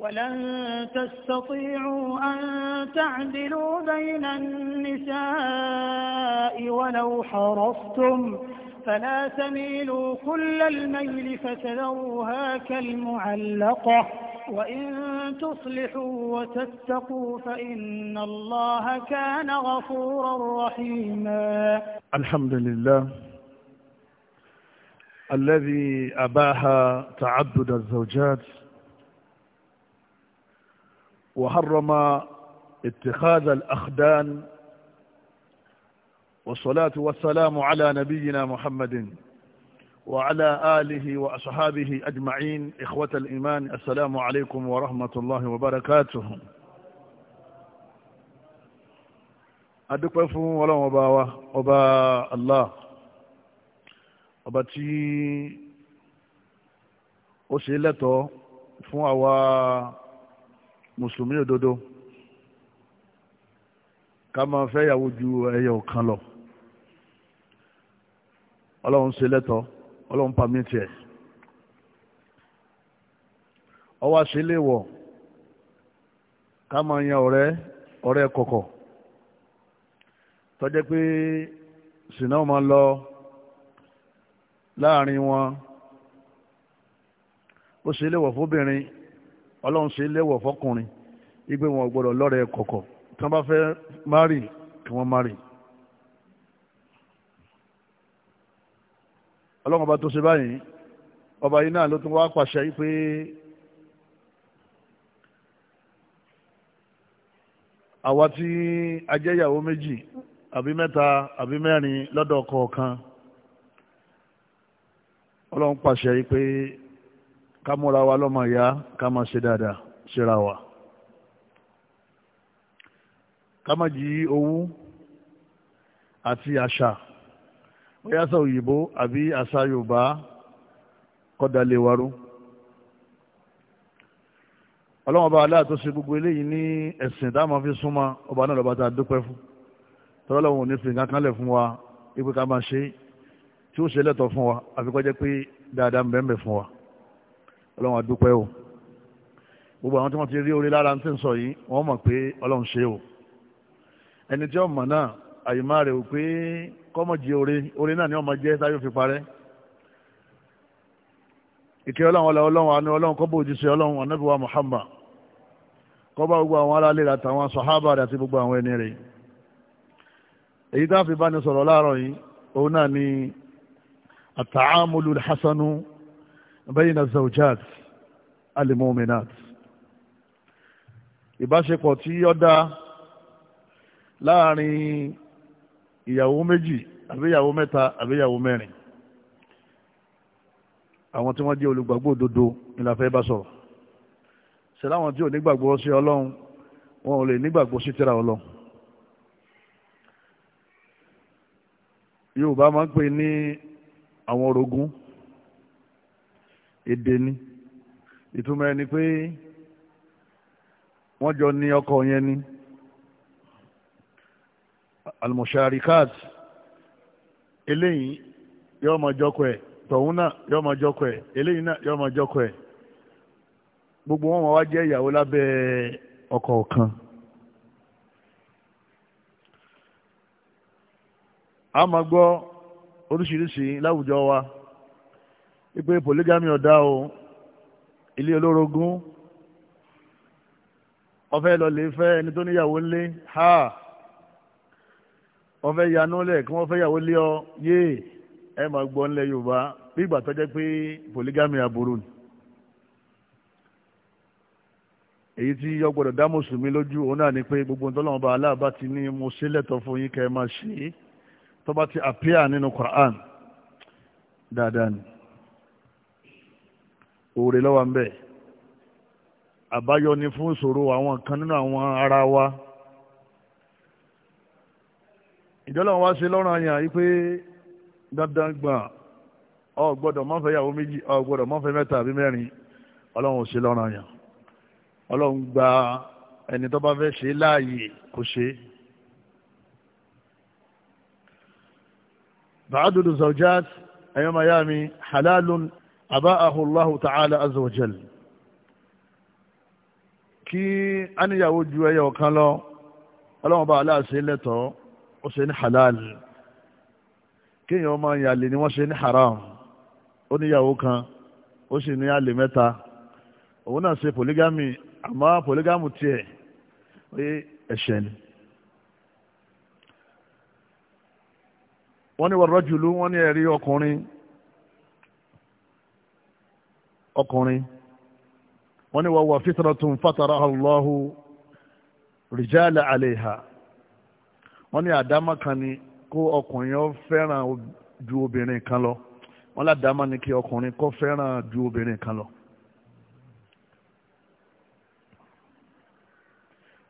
ولن تستطيعوا أن تعدلوا بين النساء ولو حرصتم فلا تميلوا كل الميل فتذروها كالمعلقة وإن تصلحوا وتتقوا فإن الله كان غفورا رحيما الحمد لله الذي أباح تعدد الزوجات وحرم اتخاذ الأخدان والصلاة والسلام على نبينا محمد وعلى آله وأصحابه أجمعين إخوة الإيمان السلام عليكم ورحمة الله وبركاته أدقفوا fún أبا ọba wa ọba allah ọba tí mùsùlùmí òdodo ká máa fẹ́ yàwó ju ẹyọ kan lọ ọlọ́run ṣe lẹ́tọ̀ọ́ ọlọ́run pàmìtì ẹ̀ ọwọ́ ṣe léèwọ̀ ká máa yan ọ̀rẹ́ ọ̀rẹ́ kọ̀kọ̀ tọ́jẹ́ pé sìnà máa lọ láàrin wọn ó ṣe wọ fóbìnrin ọlọ́run ṣe léwọ̀ fọkùnrin igbe wọn gbọdọ̀ lọ́rẹ̀ẹ́ kọ̀kọ̀ tí wọ́n bá fẹ́ márì kí wọ́n márì. ọlọ́run ọba tó ṣe báyìí ọba yìí náà ló tún wá pàṣẹ yìí pé àwa tí ajẹ́yàwó méjì àbí mẹ́ta àbí mẹ́rin lọ́dọ̀ kọ̀ọ̀kan ọlọ́run pàṣẹ yìí pé ká múra wa lọ́mọ ìyá ká máa ṣe dáadáa síra wa ká má jí owó àti àṣà bóyá sọ òyìnbó àbí àṣà yorùbá kọ́dà lè warú ọlọ́wọ́n bá aláàtọ́ ṣe gbogbo eléyìí ní ẹ̀sìn tá a máa fi súnmọ́ ọba náà lọ́ba tá a dúpẹ́ fún tọ́lọ́wọ́n ò ní fi nǹkan kanlẹ̀ fún wa ipò ká máa ṣe tí ó ṣe lẹ́tọ̀ fún wa àfikọ́ pé dáadáa ń bẹ́ẹ̀ fún wa ọlọ́run àdúpẹ́ o gbogbo àwọn tí wọ́n ti rí orí lára ń tí ń sọ yìí wọ́n mọ̀ pé ọlọ́run ṣe o ẹni tí ọmọ náà àyèmá rẹ̀ ò pé kọ́mọ̀jì orí orí náà ni ọmọ jẹ́ táyọ̀ fi parẹ́ ìkẹ́ ọlọ́run ọlọ́run ọlọ́run àánú ọlọ́run kọ́bọ̀ òjíṣẹ́ ọlọ́run anábìwá Muhammad kọ́bà gbogbo àwọn aráalé àtàwọn sọ̀hábà àti gbogbo àwọn ẹni rẹ̀ èyí tá a fi bá ní sọ̀rọ̀ láàárọ̀ yìí òun náà ni àtàámúlù hasanu bayna zawjat al-mu'minat ìbáṣepọ̀ tí ó dá láàrin ìyàwó méjì àbíyàwó mẹ́ta àbíyàwó mẹ́rin àwọn tí wọ́n jẹ́ olùgbàgbọ́ òdodo ìlàfẹ́ bá sọ̀rọ̀ ṣe láwọn tí ò nígbàgbọ́ sí ọlọ́run wọn ò lè nígbàgbọ́ sí tírà ọlọ́run yorùbá máa ń pè ní àwọn orogún èdè ni ìtumọ̀ ẹni pé wọ́n jọ ní ọkọ yẹn ni almusharikat eléyìí yóò máa jọkọ ẹ̀ tọ̀hún náà yóò máa jọkọ ẹ̀ eléyìí náà yóò jọkọ gbogbo wọn máa wá jẹ́ ìyàwó lábẹ́ ọkọ kan. a máa gbọ́ oríṣiríṣi láwùjọ wa. ipe polygamy ọ̀dá o ilé olórogún ọfẹ́ lọ́lẹ̀ fẹ́ ẹni tó níyàwó ńlé ha ọfẹ́ yanú lẹ̀ kí wọ́n fẹ́ yàwó lé ọ yé ẹ máa gbọ́ ńlẹ̀ yorùbá bí ìgbà tó jẹ́ pé polygamy aburú ni èyí tí yọ gbọ́dọ̀ dá mùsùlùmí lójú òun náà ni pé gbogbo ntọ́lọ́wọ́n bá aláàbá ti ní mo ṣe lẹ́tọ̀ọ́ fún yín kẹ́ ẹ máa ṣe é tó ti àpíà nínú Quran dáadáa ni òòrè lọ́wọ́ ń bẹ̀ àbáyọ ni fún ìṣòro àwọn kan nínú àwọn ara wa ìjọba wa ṣe lọ́rùn àyàn yìí pé dandan gbọ̀n ọ gbọ́dọ̀ má fẹ́ yàwó méjì ọ gbọ́dọ̀ má fẹ́ mẹ́ta àbí mẹ́rin ọlọ́run ṣe lọ́rùn àyàn ọlọ́run gba ẹni tó bá fẹ́ ṣe láàyè kò ṣe é. bàádùn zọjá ẹ̀yọ́mayá mi àbáahu Allahu ta'ala azza wa jal kí a níyàwó ju ẹyẹ ọ̀kan ala ọlọ́run bá o lẹ́tọ̀ọ́ halal kéèyàn máa ń ni wọ́n ṣe ní haram ó níyàwó kan ó sì ní àlè mẹ́ta òun náà julu ọkùnrin wọ́n ní wọ́wọ́ fitratun fataraha Allahu rijala alayha wọ́n ni àdámà kan ni kó ọkùnrin ó fẹ́ràn ju obìnrin kan lọ wọ́n ládàámà ni kí ọkùnrin kó fẹ́ràn ju obìnrin kan lọ.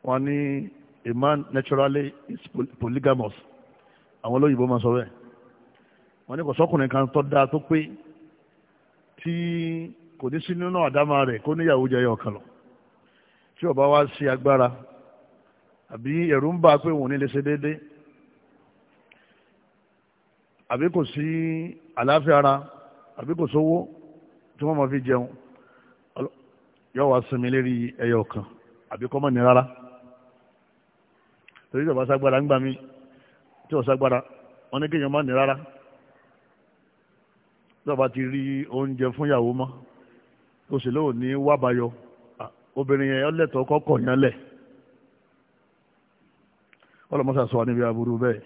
wọ́n ni a man naturally is polygamous àwọn olóyìnbó máa sọ bẹ́ẹ̀ wọ́n ni kò sọ́kùnrin kan tó dáa tó pé tí kò ní sí nínú àdámà rẹ̀ kó níyàwó jẹyọ kan lọ tí ó bá wá sí agbára àbí ẹ̀rù ń bá pé òun ní lè ṣe déédé àbí kò sí àlàáfíà ara àbí kò sówó tí wọ́n máa fi jẹun yóò wá sinmi lérí ẹyọ kan àbí kọ́ mọ̀ ní rárá torí tí ó ń gbà mí tí ó ságbára wọn ní kéèyàn má ní rárá tí ti rí oúnjẹ fún ìyàwó mọ́ òṣèlú ò ní wábayọ obìnrin yẹn ọlẹ́tọ̀ kọ́kọ̀ yẹn lẹ̀ ọlọ́mọṣà sọ wa níbi aburú bẹ́ẹ̀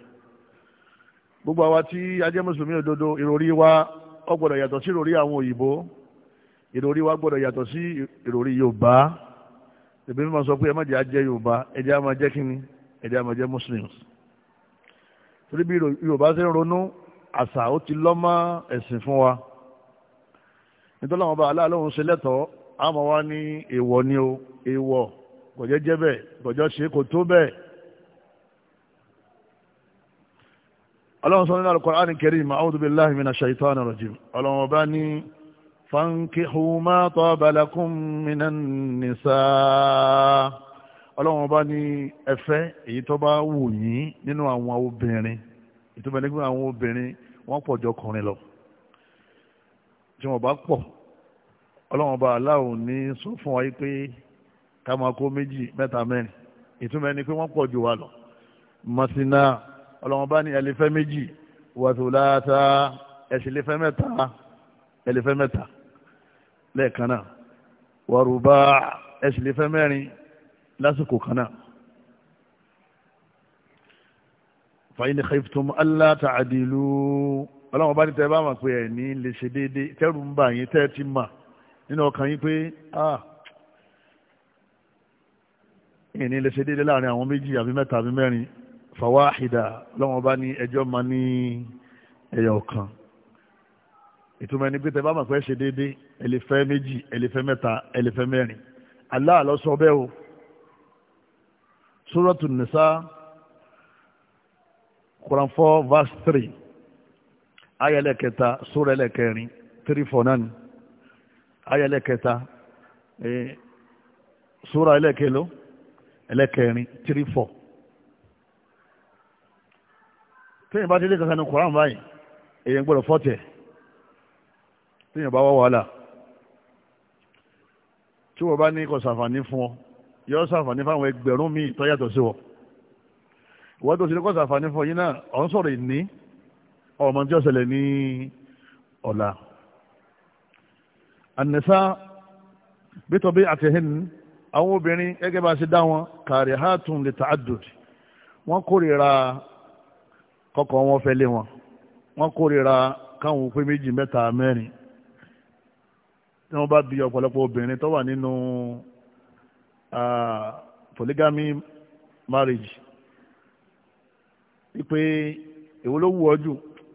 gbogbo àwa tí ajẹ́ mùsùlùmí òdodo ìròrí wa ó gbọ́dọ̀ yàtọ̀ sí ìròrí àwọn òyìnbó ìròrí wa gbọ́dọ̀ yàtọ̀ sí ìròrí yorùbá ìbí mímọ sọ pé ẹ má jẹ́ ajẹ́ yorùbá ẹ jẹ́ àmọ́ jẹ́ kínní ẹ jẹ́ àmọ́ jẹ́ muslims torí bí yorùbá ṣe ń ronú àṣà ó ti lọ́mọ ẹ̀sìn fún wa. nítorí àwọn ọba aláàlóhun lẹ́tọ̀ọ́ àmọ́ wá ni o èèwọ̀ kọjọ́ gọjọ bẹ́ẹ̀ ṣe kò tó bẹ́ẹ̀. ọlọ́run sọ nínú Al-Qur'an Karim a'udhu billahi minash shaitani rajim ọlọ́run ọba ní fankihu ọba ní ẹ̀fẹ́ èyí tó bá wù yín lọ. tí wọ́n bá pọ̀ ọlọ́wọ́n bá aláwo ní sọ fún wa yìí pé ká máa kó méjì mẹ́ta mẹ́rin ìtumọ̀ ẹni pé wọ́n pọ̀ jù wa lọ mọ̀sínà ọlọ́wọ́n bá ní ẹlẹ́fẹ́ méjì wàtúláta ẹ̀sìlẹ́fẹ́ mẹ́ta ẹlẹ́fẹ́ mẹ́ta lẹ́ẹ̀kan náà wàrúbá ẹ̀sìlẹ́fẹ́ mẹ́rin lásìkò kan náà. fàyín ni khayftum allah ọlọ́run bá ní tẹ́ bá mọ̀ pé ẹ̀ ní lè ṣe déédéé tẹ́rù ń bà yín tẹ́ ti mà nínú ọkàn yín pé ah ẹ̀ ní lè ṣe déédéé láàrin àwọn méjì àbí mẹ́ta àbí mẹ́rin fàwáhìdà ọlọ́run bá ní ẹjọ́ ma ní ẹ̀yọ̀ kan ìtumọ̀ ẹni pé tẹ́ bá mọ̀ pé ẹ̀ ṣe déédéé ẹ̀ lè fẹ́ méjì ẹ̀ lè fẹ́ mẹ́ta ẹ̀ lè fẹ́ mẹ́rin Allah ló sọ bẹ́ẹ̀ o Suratul Nisa Quran 4 verse 3 ayẹlẹ́kẹta sórẹ́lẹ́kẹrin three four nine ayẹlẹ́kẹta sóra ẹlẹ́kẹló ẹlẹ́kẹrin three four téèyàn bá délé kankan ní koran báyìí èèyàn gbọ́dọ̀ fọ́tẹ̀ téèyàn bá wá wàhálà tí wọ́n bá ní kò sàǹfààní fún ọ yọ sàǹfààní fáwọn ẹgbẹ̀rún míì tó yàtọ̀ sí wọ ìwọ́n tó ti ní kò sàǹfààní fún ọ yín náà ọ̀ sọ̀rọ̀ ìní ọmọ tí ó ṣẹlẹ̀ ní ọ̀la ànẹ́sà bítọ́bí àtẹ̀hìn àwọn obìnrin gẹ́gẹ́ bá ṣe dá wọn kàrí hàtún lè ta'addud wọ́n kórìíra kọ́kọ́ wọn fẹ́ lé wọn wọ́n kórìíra káwọn pé méjì mẹ́ta mẹ́rin tí wọ́n bá bí ọ̀pọ̀lọpọ̀ obìnrin tó wà nínú polygamy marriage wípé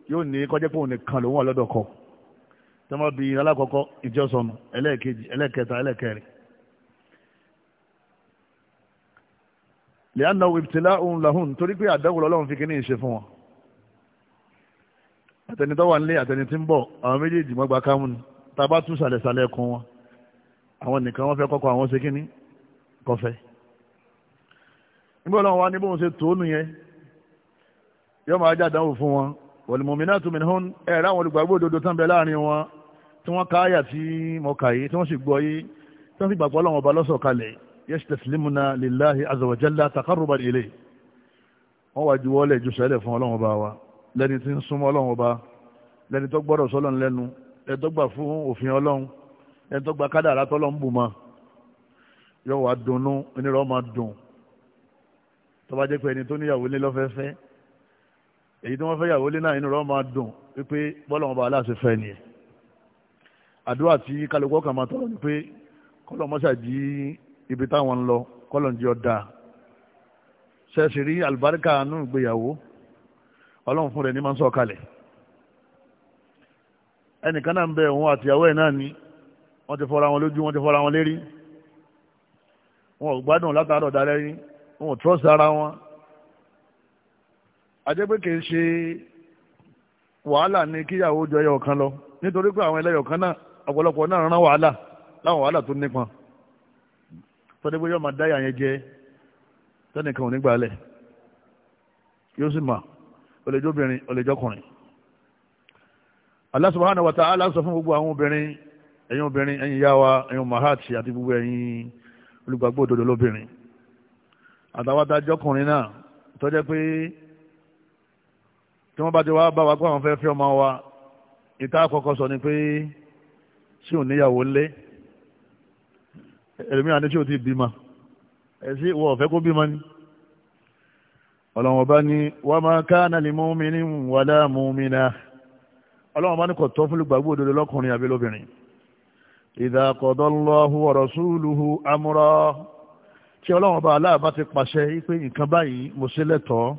yóò ní kọjá pé òun nìkan lòun ọlọ́dọ̀ kọ tí wọ́n bí alákọ̀ọ́kọ́ ìjọsọ̀nù ẹlẹ́ẹ̀kejì ẹlẹ́ẹ̀kẹta ẹlẹ́ẹ̀kẹrin. lẹ́yìn náà ìbtìlá òun làhùn torí pé àdáwò lọ́lọ́run fi kíní ìṣe fún wọn. àtẹni tó wà nílé àtẹni tí ń bọ̀ àwọn méjèèjì mọ́ gba kámú ni tá a bá tún sàlẹ̀sàlẹ̀ kún wọn àwọn nìkan wọ́n fẹ́ kọ́kọ́ àwọn ṣe kíní kọfẹ́. nígbà wọn wá ní bóun ṣe tòónù yẹn yọ máa jáde àdáwò fún wọn wal-mu'minatu minhun ẹ̀ láwọn olùgbàgbọ́ òdodo tán bẹ láàrin wọn tí wọ́n ká àyà tí mo kà yìí tí wọ́n sì gbọ́ yìí tí wọ́n sì gbàgbọ́ lọ́wọ́ ọba lọ́sọ̀ kalẹ̀ yastaslimuna lillahi azza wa jalla taqarruban ilayhi wọ́n wá ju wọ́lẹ̀ ju sẹ́lẹ̀ fún ọlọ́wọ́n ọba wa lẹ́ni tí ń súnmọ́ ọlọ́wọ́n ọba lẹ́ni tó gbọ́dọ̀ sọ́lọ́n èyí tí wọ́n fẹ́ yàwó lé náà inú rẹ̀ máa dùn wípé bọ́lá wọn bá aláṣẹ fẹ́ ni àdúrà tí kálukọ́ kan máa tọrọ ni pé kọ́lọ̀ mọ́ṣà jí ibi táwọn ń lọ kọ́lọ̀ ń jí ọ̀dà ṣẹ̀ṣì rí àlùbáríkà nù ìgbéyàwó ọlọ́run fún rẹ̀ ní máa ń sọ̀ kalẹ̀ ẹnìkan náà ń bẹ òun àtìyàwó ẹ̀ náà ni wọ́n ti fọ́ra wọn lójú wọ́n ti fọ́ra wọn lérí wọn ò gbádùn látàárọ̀ dalẹ́ rí wọn ò trọ́sì ara wọn àjẹpẹ́ kì í ṣe wàhálà ni kíyàwó jọ ẹyọ kan lọ nítorí pé àwọn ẹlẹ́yọ̀ kan náà ọ̀pọ̀lọpọ̀ náà rán wàhálà láwọn wàhálà tó nípọn tọ́jú pé yóò máa dáyà yẹn jẹ tẹ́nìkan ò ní gbalẹ̀ yóò sì mà olèjọ́bìnrin olèjọ́kùnrin Allah subhanahu wa ta'ala sọ fún gbogbo àwọn obìnrin ẹ̀yin obìnrin ẹ̀yin yáwa ẹ̀yin mahati àti gbogbo ẹ̀yin olùgbàgbọ́ òdodo lóbìnrin àtàwọn adájọ́kùnrin náà tọ́jú pé tí wọ́n bá ti wá bá wa gbọ́ àwọn fẹ́ fi ọmọ wa ìta àkọ́kọ́ sọ ni pé ṣé ò níyàwó lé ẹlòmíràn ní ṣé ò ti bímọ ẹ sí ìwọ ọ̀fẹ́ kó bímọ ni ọlọ́run ọba ní wa ma kana li mu'minin wala mu'minah ọlọ́run ọba ní kò tọ́ fún olùgbàgbọ́ òdodo lọ́kùnrin àbí lóbìnrin idha qadallahu wa rasuluhu amra tí ọlọ́run ọba aláàbá ti pàṣẹ pé nǹkan báyìí mo ṣe lẹ́tọ̀ọ́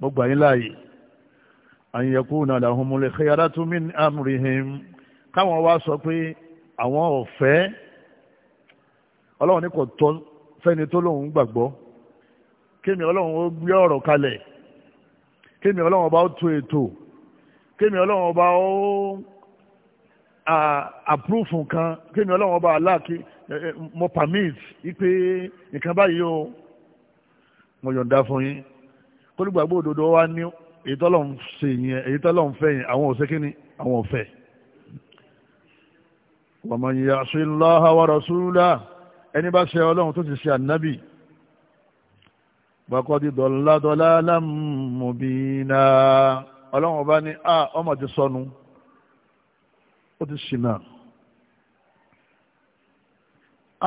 mo gbà yín láàyè an yakuna lahumul khiyaratu min amrihim káwọn wá sọ pé àwọn ọ̀fẹ́ ọlọ́run ní kò tọ́ fẹ́ni tó lóun gbàgbọ́ kémi ọlọ́run ó gbé ọ̀rọ̀ kalẹ̀ kémi ọlọ́run ọba ó to ètò kémi ọlọ́run ọba ó àpúrúfù kan kémi ọlọ́run ọba aláàkí mo permit ipe nǹkan báyìí o mo yọ̀ǹda fún yín kólúgbàgbọ́ òdodo wa ní èyí tọ́lọ̀ ń ṣe yẹn èyí tọ́lọ̀ ń fẹ́ yẹn àwọn ò ṣe kíni àwọn ò fẹ́. wa man ya'si Allaha wa rasulahu ẹni bá ṣe ọlọ́run tó ti ṣe ànábì bàkọ́dí dọ̀lá dọ̀lá lámùbínà ọlọ́run ọba ní a ọmọ ti sọnù ó ti ṣìnà.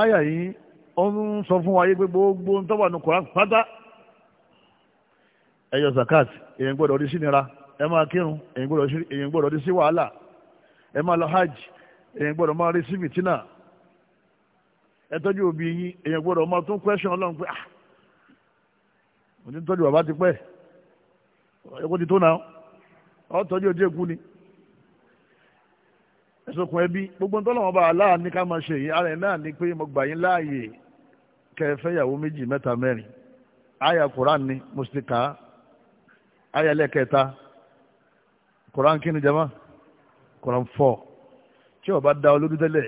àyà yìí ó ń sọ fún wa yé pé gbogbo ń tọ́wọ́ ànú Kùránì pátá ẹyọ zakat èyàn gbọdọ rí sí nira ẹ máa kírun èyàn gbọ́dọ̀ rí sí wàhálà ẹ máa lọ hajj èyàn gbọdọ máa rí sí fìtínà ẹ tọ́jú òbí yín èyàn ah ti bàbá ti pẹ́ ẹ̀kọ́ ti tó ọ ni ẹbí gbogbo nítorí wọn bá a láà ká máa ṣe èyí ara ẹ̀ náà ni pé mo gbà yín láàyè ìyàwó méjì aya lẹ́kẹta koran kí ni jama koran fọ́ tí o bá dá ọ lójú tẹ́lẹ̀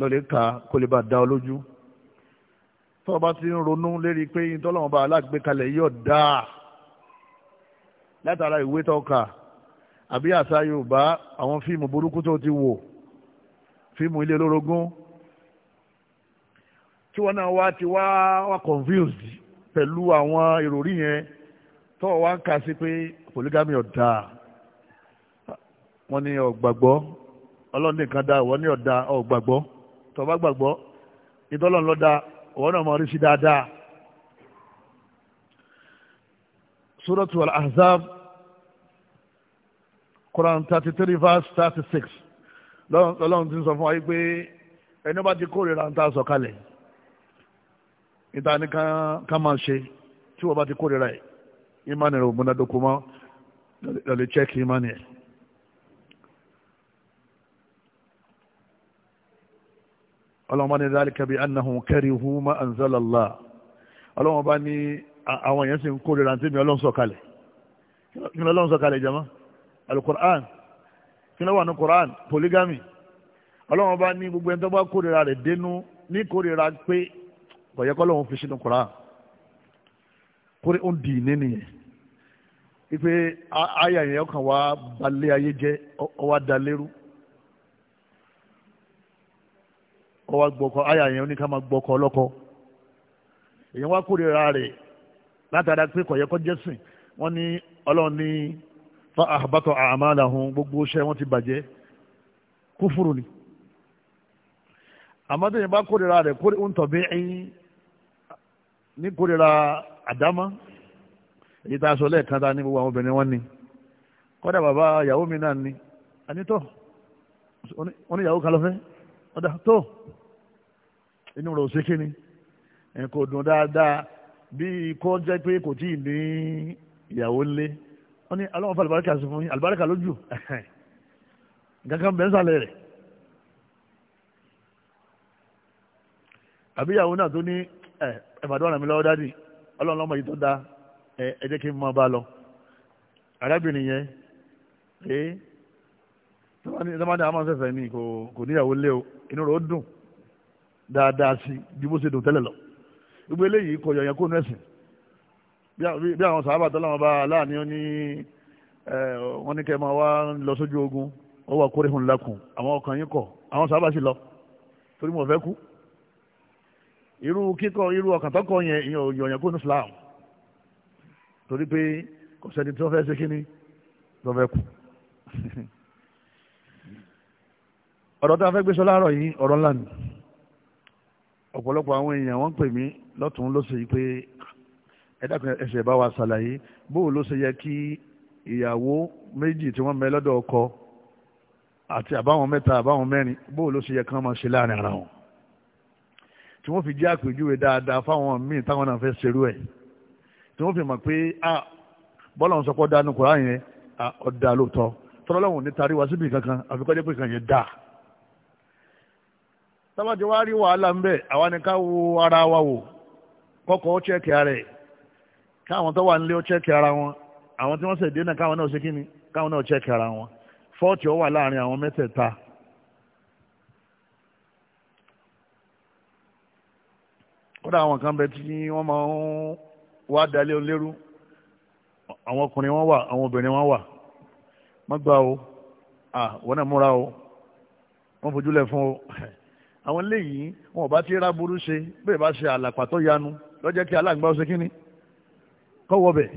lọ́lẹ̀ ka kó lè bá dá ọ lójú tó o bá ti ń ronú lérí pé ìtọ́lọ́mọba alágbèkalẹ̀ yóò dáa látara ìwé tó kà àbí àṣà yorùbá àwọn fíìmù burúkú tó ti wò fíìmù ilé olórogún tí wọ́n náà wá ti wá wá confused pẹ̀lú àwọn ìròrí yẹn tọ́ wa ń kà sí pé polygamy ọ̀dà wọ́n ní ọ̀gbàgbọ́ ọlọ́run nìkan dá ìwọ ní ọ̀dà ọ̀gbàgbọ́ tọ́ bá gbàgbọ́ ìtọ́lọ́run lọ́dà ìwọ náà mọ̀ rí sí dáadáa. Suratu Al-Ahzab Quran thirty three verse thirty six lọ́lọ́run ti ń sọ fún wa yìí pé ẹni bá ti kórìíra ń ta sọ̀kalẹ̀ ìta ni ká máa ṣe tí wọ́n bá ti kórìíra yìí ìmánì rẹ̀ ò múnádóko mọ́ lọ́lẹ̀ chẹ́kì ìmánì ẹ̀. ọlọ́mọ ní dhalika bi annahum karihu ma anzala Allah ọlọ́mọ bá ní àwọn èèyàn sì ń kó rẹ̀ àǹtí mi ọlọ́run sọ̀kalẹ̀ kí ni ọlọ́run sọ̀kalẹ̀ jama alukur'an kí ni wà ní kur'an polygamy ọlọ́run bá ní gbogbo ẹni tó bá kórìíra rẹ̀ dénú ní kórìíra pé kọ̀yẹ́kọ́ lọ́run fi sínú kur'an kórè ó di ìní nìyẹn ipe aya yẹn ọkàn wa balẹ̀ ayé jẹ́ ọwọ́ adalérú ọwọ́ gbọ́kọ àyà yẹn oníkà máa gbọ́kọ ọlọ́kọ èyàn wá kórìíra rẹ̀ látara pé kọ̀yẹ́ kọ́ jẹ́sìn wọ́n ní ọlọ́run ní fa àbátọ̀ àmàlàhùn gbogbo iṣẹ́ wọn ti bàjẹ́ kúfùrù ni àmọ́ tó yẹn bá kórìíra rẹ̀ ń tọ̀ bí ẹyin ní kórìíra àdámọ́ èyí tá a sọ lẹ́ẹ̀kan ta ní gbogbo àwọn obìnrin wọn ni kọ́dà bàbá ìyàwó mi náà ni anítọ́ oníyàwó kan lọ́fẹ́ ọ̀dà tó inú rẹ̀ ò sí kíni kò dùn dáadáa bí kò jẹ́ pé kò tí ì ní ìyàwó lé wọ́n ní aláwọ̀ fún àlùbáríkà sí fún yín àlùbáríkà lójú gangan bẹ́ẹ̀ sálẹ̀ rẹ̀ àbíyàwó náà tó ní ẹ̀ ẹ̀fàdúrà mi lọ́wọ́ dádì ọlọ́run lọ́mọ yìí tó dáa ẹ jẹ́ kí n máa bá lọ arábìnrin yẹn pé tọ́mọdé àmọ́ sẹ̀sẹ̀ ni kò níyàwó lé o inú rẹ̀ ó dùn dáadáa sí ju bó ṣe dùn tẹ́lẹ̀ lọ gbogbo eléyìí kò yọ̀yàn kó nẹ́sìn bí àwọn sàábà tó láwọn bá aláàní ó ní wọn ní kẹ́ máa wá lọ sójú ogun ó wà kórè hùn lákùn àwọn ọkàn yín kọ̀ àwọn sàábà sì lọ torí mo fẹ́ kú irú kíkọ irú ọkàn tọkọ yẹn ìyàn òyìn ọ̀yàn kó ní Islam torí pé kò sẹ́ni tí wọ́n fẹ́ ṣe kíní tó fẹ́ kù. ọ̀rọ̀ tá a fẹ́ gbé sọ láàárọ̀ yìí ọ̀rọ̀ ńlá ni ọ̀pọ̀lọpọ̀ àwọn èèyàn wọ́n pè mí lọ́tún ló ṣe pé ẹ dákun ẹsẹ̀ bá wa ṣàlàyé bóò ló ṣe yẹ kí ìyàwó méjì tí wọ́n mẹ lọ́dọ̀ ọkọ àti àbáwọn mẹ́ta àbáwọn mẹ́rin bóò ló ṣe yẹ kí wọ́n máa ṣe láàrin ara wọn. tí wọ́n fi jẹ́ àpèjúwe dáadáa fáwọn míì táwọn náà fẹ́ ṣerú ẹ̀ tí wọ́n fi mọ̀ pé ah, bọ́lá ń sọpọ́ dánú kura yẹn ọ̀dà ah, lóòótọ́ ní tarí wá síbi kankan àfikọ́jẹ́ pé kàn yẹn dáa rí ara wa wò kọ́kọ́ ara ẹ̀ káwọn tó wà wọn àwọn tí wọ́n dé náà káwọn náà ṣe kódà àwọn kan bẹ tí wọ́n máa ń wá dalẹ̀ olérú àwọn ọkùnrin wọn wà àwọn obìnrin wọn wà wọ́n gbà o wọ́n náà múra o wọ́n fojúlẹ̀ fún o àwọn eléyìí wọn ò bá ti ra ṣe bẹ́ẹ̀ bá ṣe àlàpà tó yanu lọ́jọ́ kí aláǹgbá ó ṣe kínní kọ́wọ́ bẹ̀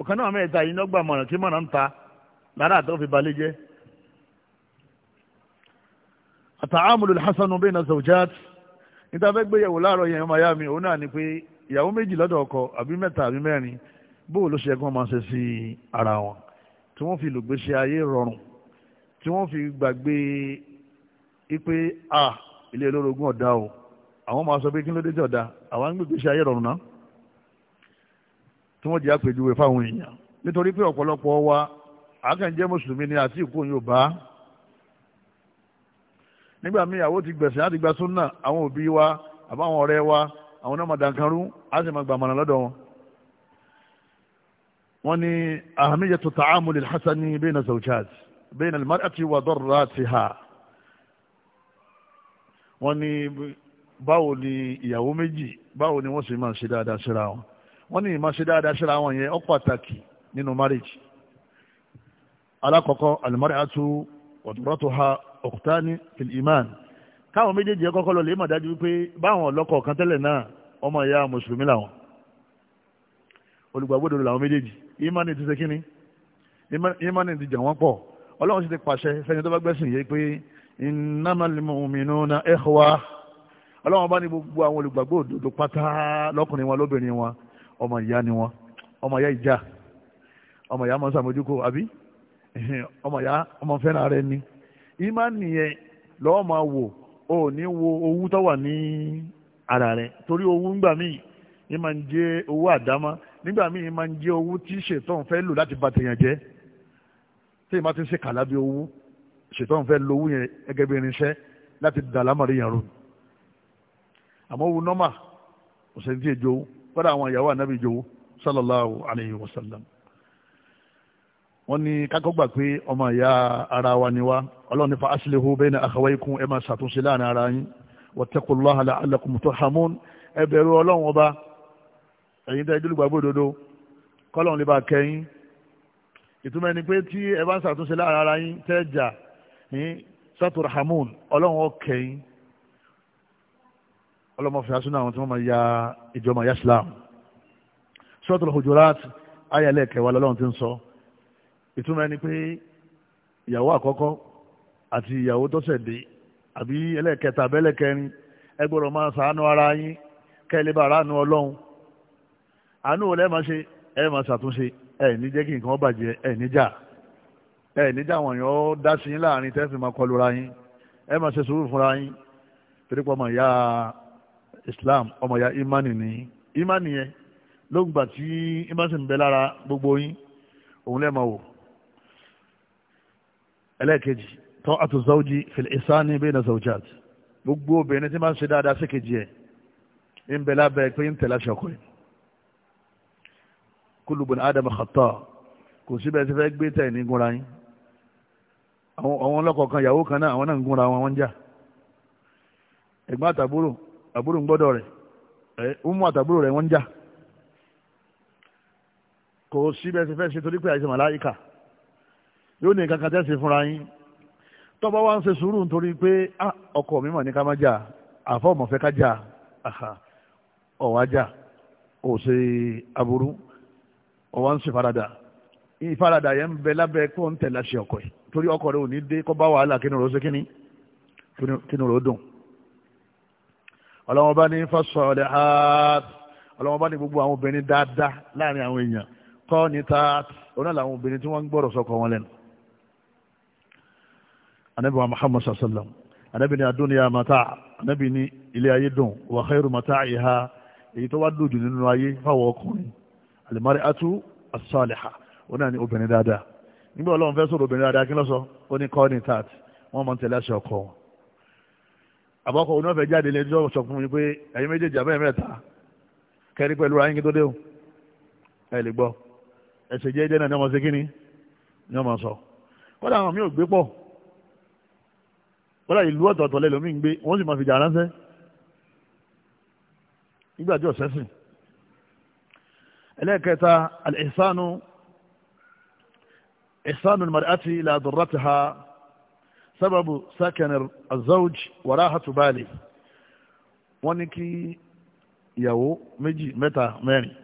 ọ̀kan náà mẹ́ta yìí lọ́gbà mọ̀ràn tí mọ̀ràn ń ta lára àtọ́ fi balẹ̀ jẹ́ àtàámùlù hasanu bẹ́ẹ̀ na níta fẹ́ gbéyàwó láàárọ̀ yẹn ọmọ ayá mi òun náà ni pé ìyàwó méjì lọ́dọ̀ ọkọ àbí mẹ́ta àbí mẹ́rin bóò ló ṣe ẹ̀gbọ́n máa ṣe sí ara wọn tí wọ́n fi lògbèsè ayé rọrùn tí wọ́n fi gbàgbé ipe a ilé olórogún ọ̀dà o àwọn máa sọ pé kí ló dé tí ọ̀dà àwọn ń gbègbèsè ayé rọrùn náà tí wọ́n jẹ́ àpèjúwe fáwọn èèyàn nítorí pé ọ̀pọ̀lọpọ̀ wa àákànjẹ́ mùsùlùmí ni àti ìkóyò bá nígbà míì àwọn ti gbẹ̀sìn àti gba súnà àwọn òbí wa àbáwọn ọ̀rẹ́ wa àwọn náà máa dànkanrú á sì máa gbàmọ̀nà lọ́dọ̀ wọn. wọ́n ní ahamiyatu ta'amuli alhasani bayna zawjat bayna almar'ati wa darratiha wọ́n ní báwo ni ìyàwó méjì báwo ni wọ́n sì máa ṣe dáadáa síra wọn wọ́n ní ìmọ̀ ṣe dáadáa síra wọn yẹn ó pàtàkì nínú marriage alákọ̀ọ́kọ́ almar'atu wa darratuha ọ̀kútání ìmán káwọn méjèèjì kọ́kọ́ lọ lè mọ̀ dájú pé báwọn ọlọ́kọ̀ kan tẹ́lẹ̀ náà ọmọ ìyá mùsùlùmí làwọn olùgbàgbọ́dọ̀ làwọn méjèèjì ìmánì ti ṣe kínní ìmánì ti jà wọ́n pọ̀ ọlọ́run sì ti pàṣẹ fẹ́ni tó bá gbẹ́sìn yé pé innamal mu'minuna ikhwa ọlọ́run bá ní gbogbo àwọn olùgbàgbọ́ òdodo pátá lọ́kùnrin wọn lóbìnrin wọn ọmọ ìyá ni wọn ọmọ ìyá ìjà ọmọ ìyá mọ́sàmójúkò àbí ọmọ ìyá ọmọ fẹ́ràn ara ẹni ìmánì yẹn lọ́ọ́ máa wò ó ní wo owó tó wà ní ara rẹ̀ torí owó ńgbà míì ní máa ń jẹ́ owó àdámá nígbà míì máa ń jẹ́ owó tí ṣètọ́n fẹ́ lò láti bà tèèyàn jẹ́ tí ìmá ti ń ṣe kàlábí owó ṣètọ́n fẹ́ lówó yẹn gẹ́gẹ́ bí irinṣẹ́ láti dà lámàrí yẹn rò àmọ́ owó nọ́mà òṣèlú tí èjò àwọn ìyàwó ànábì jòwó sallallahu alayhi wa sallam wọ́n ní kákọ́gbà pé ọmọ ìyá ara wa ni wá ọlọ́run ní fa aslihu bayna akhawaykum ẹ máa ṣàtúnṣe láàrin ara yín wattaqullaha la'allakum turhamun ẹ bẹ̀rù ọlọ́run ọba ẹ̀yin tẹ́ ìdílùgbàgbọ́ òdodo kọ́lọ́run lè bá kẹ́yìn ìtumọ̀ ẹni pé tí ẹ bá ń ṣàtúnṣe láàrin ara yín tẹ́ jà yín saturhamun ọlọ́run ọkẹ́yìn ọlọ́mọfẹ́ asúnà àwọn ìtumọ̀ ẹni pé ìyàwó àkọ́kọ́ àti ìyàwó tọ́sẹ̀dé àbí ẹlẹ́ẹ̀kẹta abẹ́lẹ́kẹrin ẹ gbọ́dọ̀ máa ṣàánú ara yín kẹ́lẹ́ bá aráàánú ọlọ́run àánú wò lẹ́ẹ̀ máa ṣe ẹ máa ṣàtúnṣe ẹ ní jẹ́ kí nǹkan bàjẹ́ ẹ níjà ẹ níjà àwọn èèyàn dá sí yín láàrin tẹ́sí máa kọlu ra yín ẹ máa ṣe sùúrù fúnra yín torí pé ọmọ ìyá Islam ọmọ ìyá imani ni imani yẹn lóògbà tí imani sì ń bẹ lára gbogbo yín òun lẹ́ẹ̀ máa wò ẹlẹ́ẹ̀kejì tọ́ àtúnzáwójì fìlẹ̀sán ní bẹ́ẹ̀ náà zawjat gbogbo obìnrin tí máa ń ṣe dáadáa sí kejì ẹ̀ ń bẹ lábẹ́ pé ń tẹ̀lé aṣọ́kọ̀ ẹ̀ kullu bun adam khata kò síbẹ̀ tí fẹ́ gbé tẹ̀ ní gúnra yín àwọn ọlọ́kọ̀ kan ìyàwó kan náà àwọn náà ń gúnra wọn wọ́n jà ẹ̀gbọ́n àtàbúrò àbúrò ń gbọ́dọ̀ rẹ̀ ẹ̀ ń mú àtàbúrò rẹ̀ wọ́n jà kò síbẹ̀ tí fẹ́ ṣe torí pé àìsàn màláyíkà yóò ní nǹkan kan tẹ́sí fúnra yín tọ́ba wa ń ṣe sùúrù nítorí pé ah, ọkọ mi mọ̀ ní ká má jà àfọ́ ọmọ fẹ́ ká jà ọ̀wá jà ò ṣe aburú ọ̀wá ń ṣe faradà ìfaradà yẹn ń bẹ lábẹ́ kó ń tẹ̀lé àṣẹ ọkọ yìí torí ọkọ rẹ ò ní dé kó bá wàhálà kí ni rò ó ṣe kí ni kí ni rò ó dùn ọlọ́wọ́n bá ní fásọ̀lẹ̀ hàt ọlọ́wọ́n bá ní gbogbo àwọn obìnrin dáadáa láàrin àwọn èèyàn kọ́ ní tààt onáà làwọn obìnrin tí wọ́n ń gbọ́rọ̀ sọ́kọ wọn lẹ́nu anabi wa muhammad sallam anabi ni adúniya mata anabi ni ilé ayé dùn wà khairu mata ìhà èyí tó wá dùjú nínú ayé fáwọn ọkùnrin alimari atu asaliha ó náà ní obìnrin dáadáa nígbà ọlọ́run fẹ́ sọ̀rọ̀ obìnrin dáadáa kí ló sọ ó ní kọ́ni tat wọ́n máa ń tẹ̀lé aṣọ ọkọ wọn àbọ̀kọ̀ oní ọ̀fẹ́ jáde lè jọ sọ fún mi pé ẹ̀yin méjèèjì abẹ́rẹ́ mẹ́ta kẹ́rí pẹ̀lú ayé kí tó dé o ẹ̀ lè gbọ́ ẹ̀sẹ̀ jẹ́jẹ́ náà ni wọ́n máa ni wọ́n máa sọ kódà mi ò gbé pọ̀ wọ́n láyé ìlú ọ̀tọ̀ọ̀tọ̀ lẹ́lọ́mí ń gbé wọ́n sì máa fi jà ránṣẹ́ nígbà tí ọ̀sẹ̀ sìn ẹlẹ́ẹ̀kẹta alẹ́sánú ẹ̀sánú mọ̀dáàtì ìlàdọ̀rọ̀tì ha sábàbù sákẹ̀nì azọ́j wàrà hàtùbálì wọ́n ní kí ìyàwó méjì mẹ́ta mẹ́rin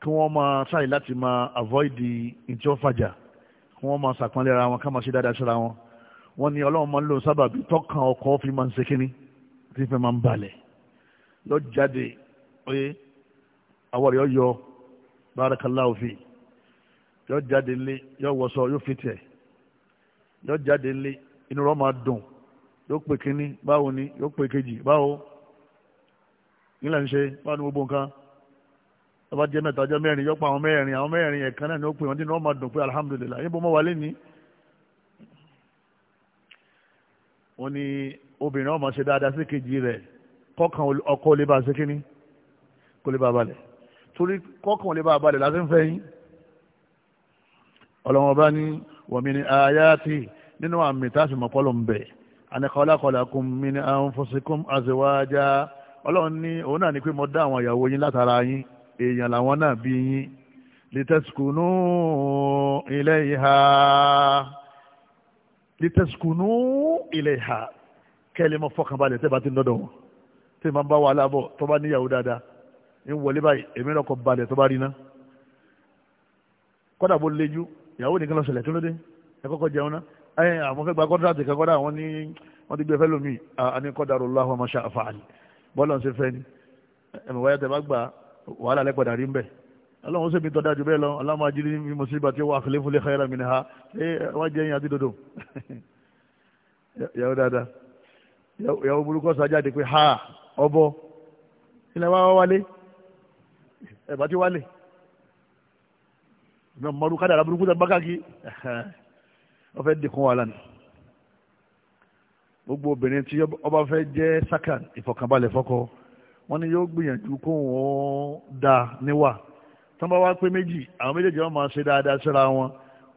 kí wọ́n máa ṣáì láti máa avoid ìjọ́fàjà kí wọ́n máa ṣàpọ́nlé ara wọn ká máa ṣe dáadáa síra wọn wọ́n ní ọlọ́run máa ń lò sábàbí tọ́kàn ọkọ̀ fi máa ń ṣe kínní tí fẹ́ máa ń balẹ̀ lọ jáde oyè àwọ̀ rẹ̀ yọ barakallahu fi yọ jáde lé yọ wọṣọ yóò fi tẹ̀ yọ jáde lé inú rẹ̀ máa dùn yóò pè kínní báwo ni yóò pè kejì báwo nílẹ̀ ń ṣe báwo ni gbogbo nǹkan tọ́ba jẹ́ mẹ́ta jẹ́ mẹ́rin yọ àwọn mẹ́rin àwọn mẹ́rin ẹ̀kan náà ni ó pè wọ́n dín ní wọ́n máa dùn pé alhamdulillah yín bó wálé ni. wọ́n ní obìnrin ọmọ ṣe dáadáa sí kejì rẹ̀ kọ́kàn ọkọ lè bá ṣe kínní kó lè bá balẹ̀ torí kọ́kàn lè bá balẹ̀ láti ń fẹ́ yín ọlọ́wọ́n bá ní wọ̀mí ni àyàtì nínú àmì táàsì mọ̀pọ́lọ̀ ń bẹ̀ àníkọ́lákọ́lákùn mi ni anfusikum azwaja ọlọ́run ní òun náà ni pé mo dá àwọn ìyàwó yín látara yín èèyàn làwọn náà bí yín litaskunu ilayha litaskunu ilayha kẹ́lẹ́ mọ́ fọkànbalẹ̀ tẹ́ bá ti lọ́dọ̀ wọn tẹ́ máa ń bá wa aláàbọ̀ tó bá níyàwó dáadáa ń wọlé báyìí èmi náà kọ́ balẹ̀ tó bá rí náà kọ́dà bó lejú ìyàwó nìkan lọ ṣẹlẹ̀ tó lóde ẹ kọ́kọ́ jẹun náà ẹ àwọn fẹ́ gba kọ́ńtàtì kan kọ́dà wọn ní wọ́n ti gbé fẹ́ lómi àní kọ́dà Allahu ma sha'a fa'al bọ́ọ̀lù ọ̀sẹ̀ fẹ́ ni ẹ̀mọ̀ wáyà tẹ́ bá gbà wàhálà lẹ́pọ̀dà rí ń bẹ̀ ọlọ́run sẹ́mi tọ́ dájú bẹ́ẹ̀ lọ aláma ajínigbé ní mùsùlùmí tí wọ́n àkàlẹ́ fúnlẹ̀ xayẹ́rẹ́ mi nìha ẹ wá jẹ́ yín àti dodo yàwó dáadáa yàwó burúkú ọ̀sán jáde pé ha ọbọ ilẹ̀ wa wá wálé ẹ̀bà ti wálé ìmọ̀ mọ́rú kádàrà burúkú tẹ̀ bákàkì ọ̀fẹ́ dìkún wàhálà ni gbogbo obìnrin tí ọba fẹ́ jẹ́ sákà ìfọ̀kànbalẹ̀ fọ́kọ wọn ni yóò gbìyànjú kó wọn dáa níwà tó bá wá pé méjì àwọn méjèèjì wọn máa ṣe dáadáa síra wọn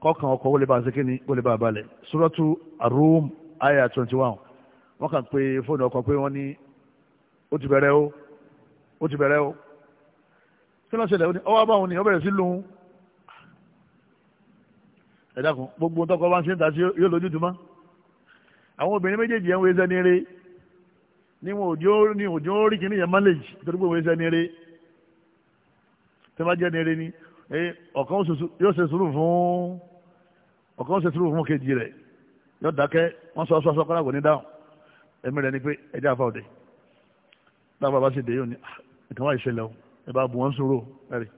kọkàn ọkọ wọlé bá ń ṣe kí ni wọlé bá balẹ̀ suratu arum aya twenty one wọ́n kàn pé fóònù ọkọ pé wọ́n ní ó ti bẹ̀rẹ̀ o ó ti bẹ̀rẹ̀ o kí ló ṣẹlẹ̀ ọwọ́ báwọn ni ó bẹ̀rẹ̀ sí lóhun ẹ dákun gbogbo tọkọ bá ń ṣe ń ta sí yóò lójú tó mọ́ àwọn obìnrin méjèèjì yẹn ń wéṣẹ́ ní eré níwọ̀n òjò ní òjò orí kìíní yẹn má lè jì torí pé wọ́n ṣe ní tí wọ́n jẹ́ ní eré ní ọ̀kan yóò ṣe sùúrù fún ọ̀kan ṣe sùúrù fún kejì rẹ̀ yóò dákẹ́ wọ́n sọ sọ́sọ́ kọ́lá kò ní dáhùn ẹ̀mí rẹ̀ ni pé ẹjẹ́ àfa òde táwọn bàbá sì dé yóò ní ìtàn ah, wáyé ṣẹlẹ̀ o ẹ bá bù wọ́n sùúrù ẹ̀rì.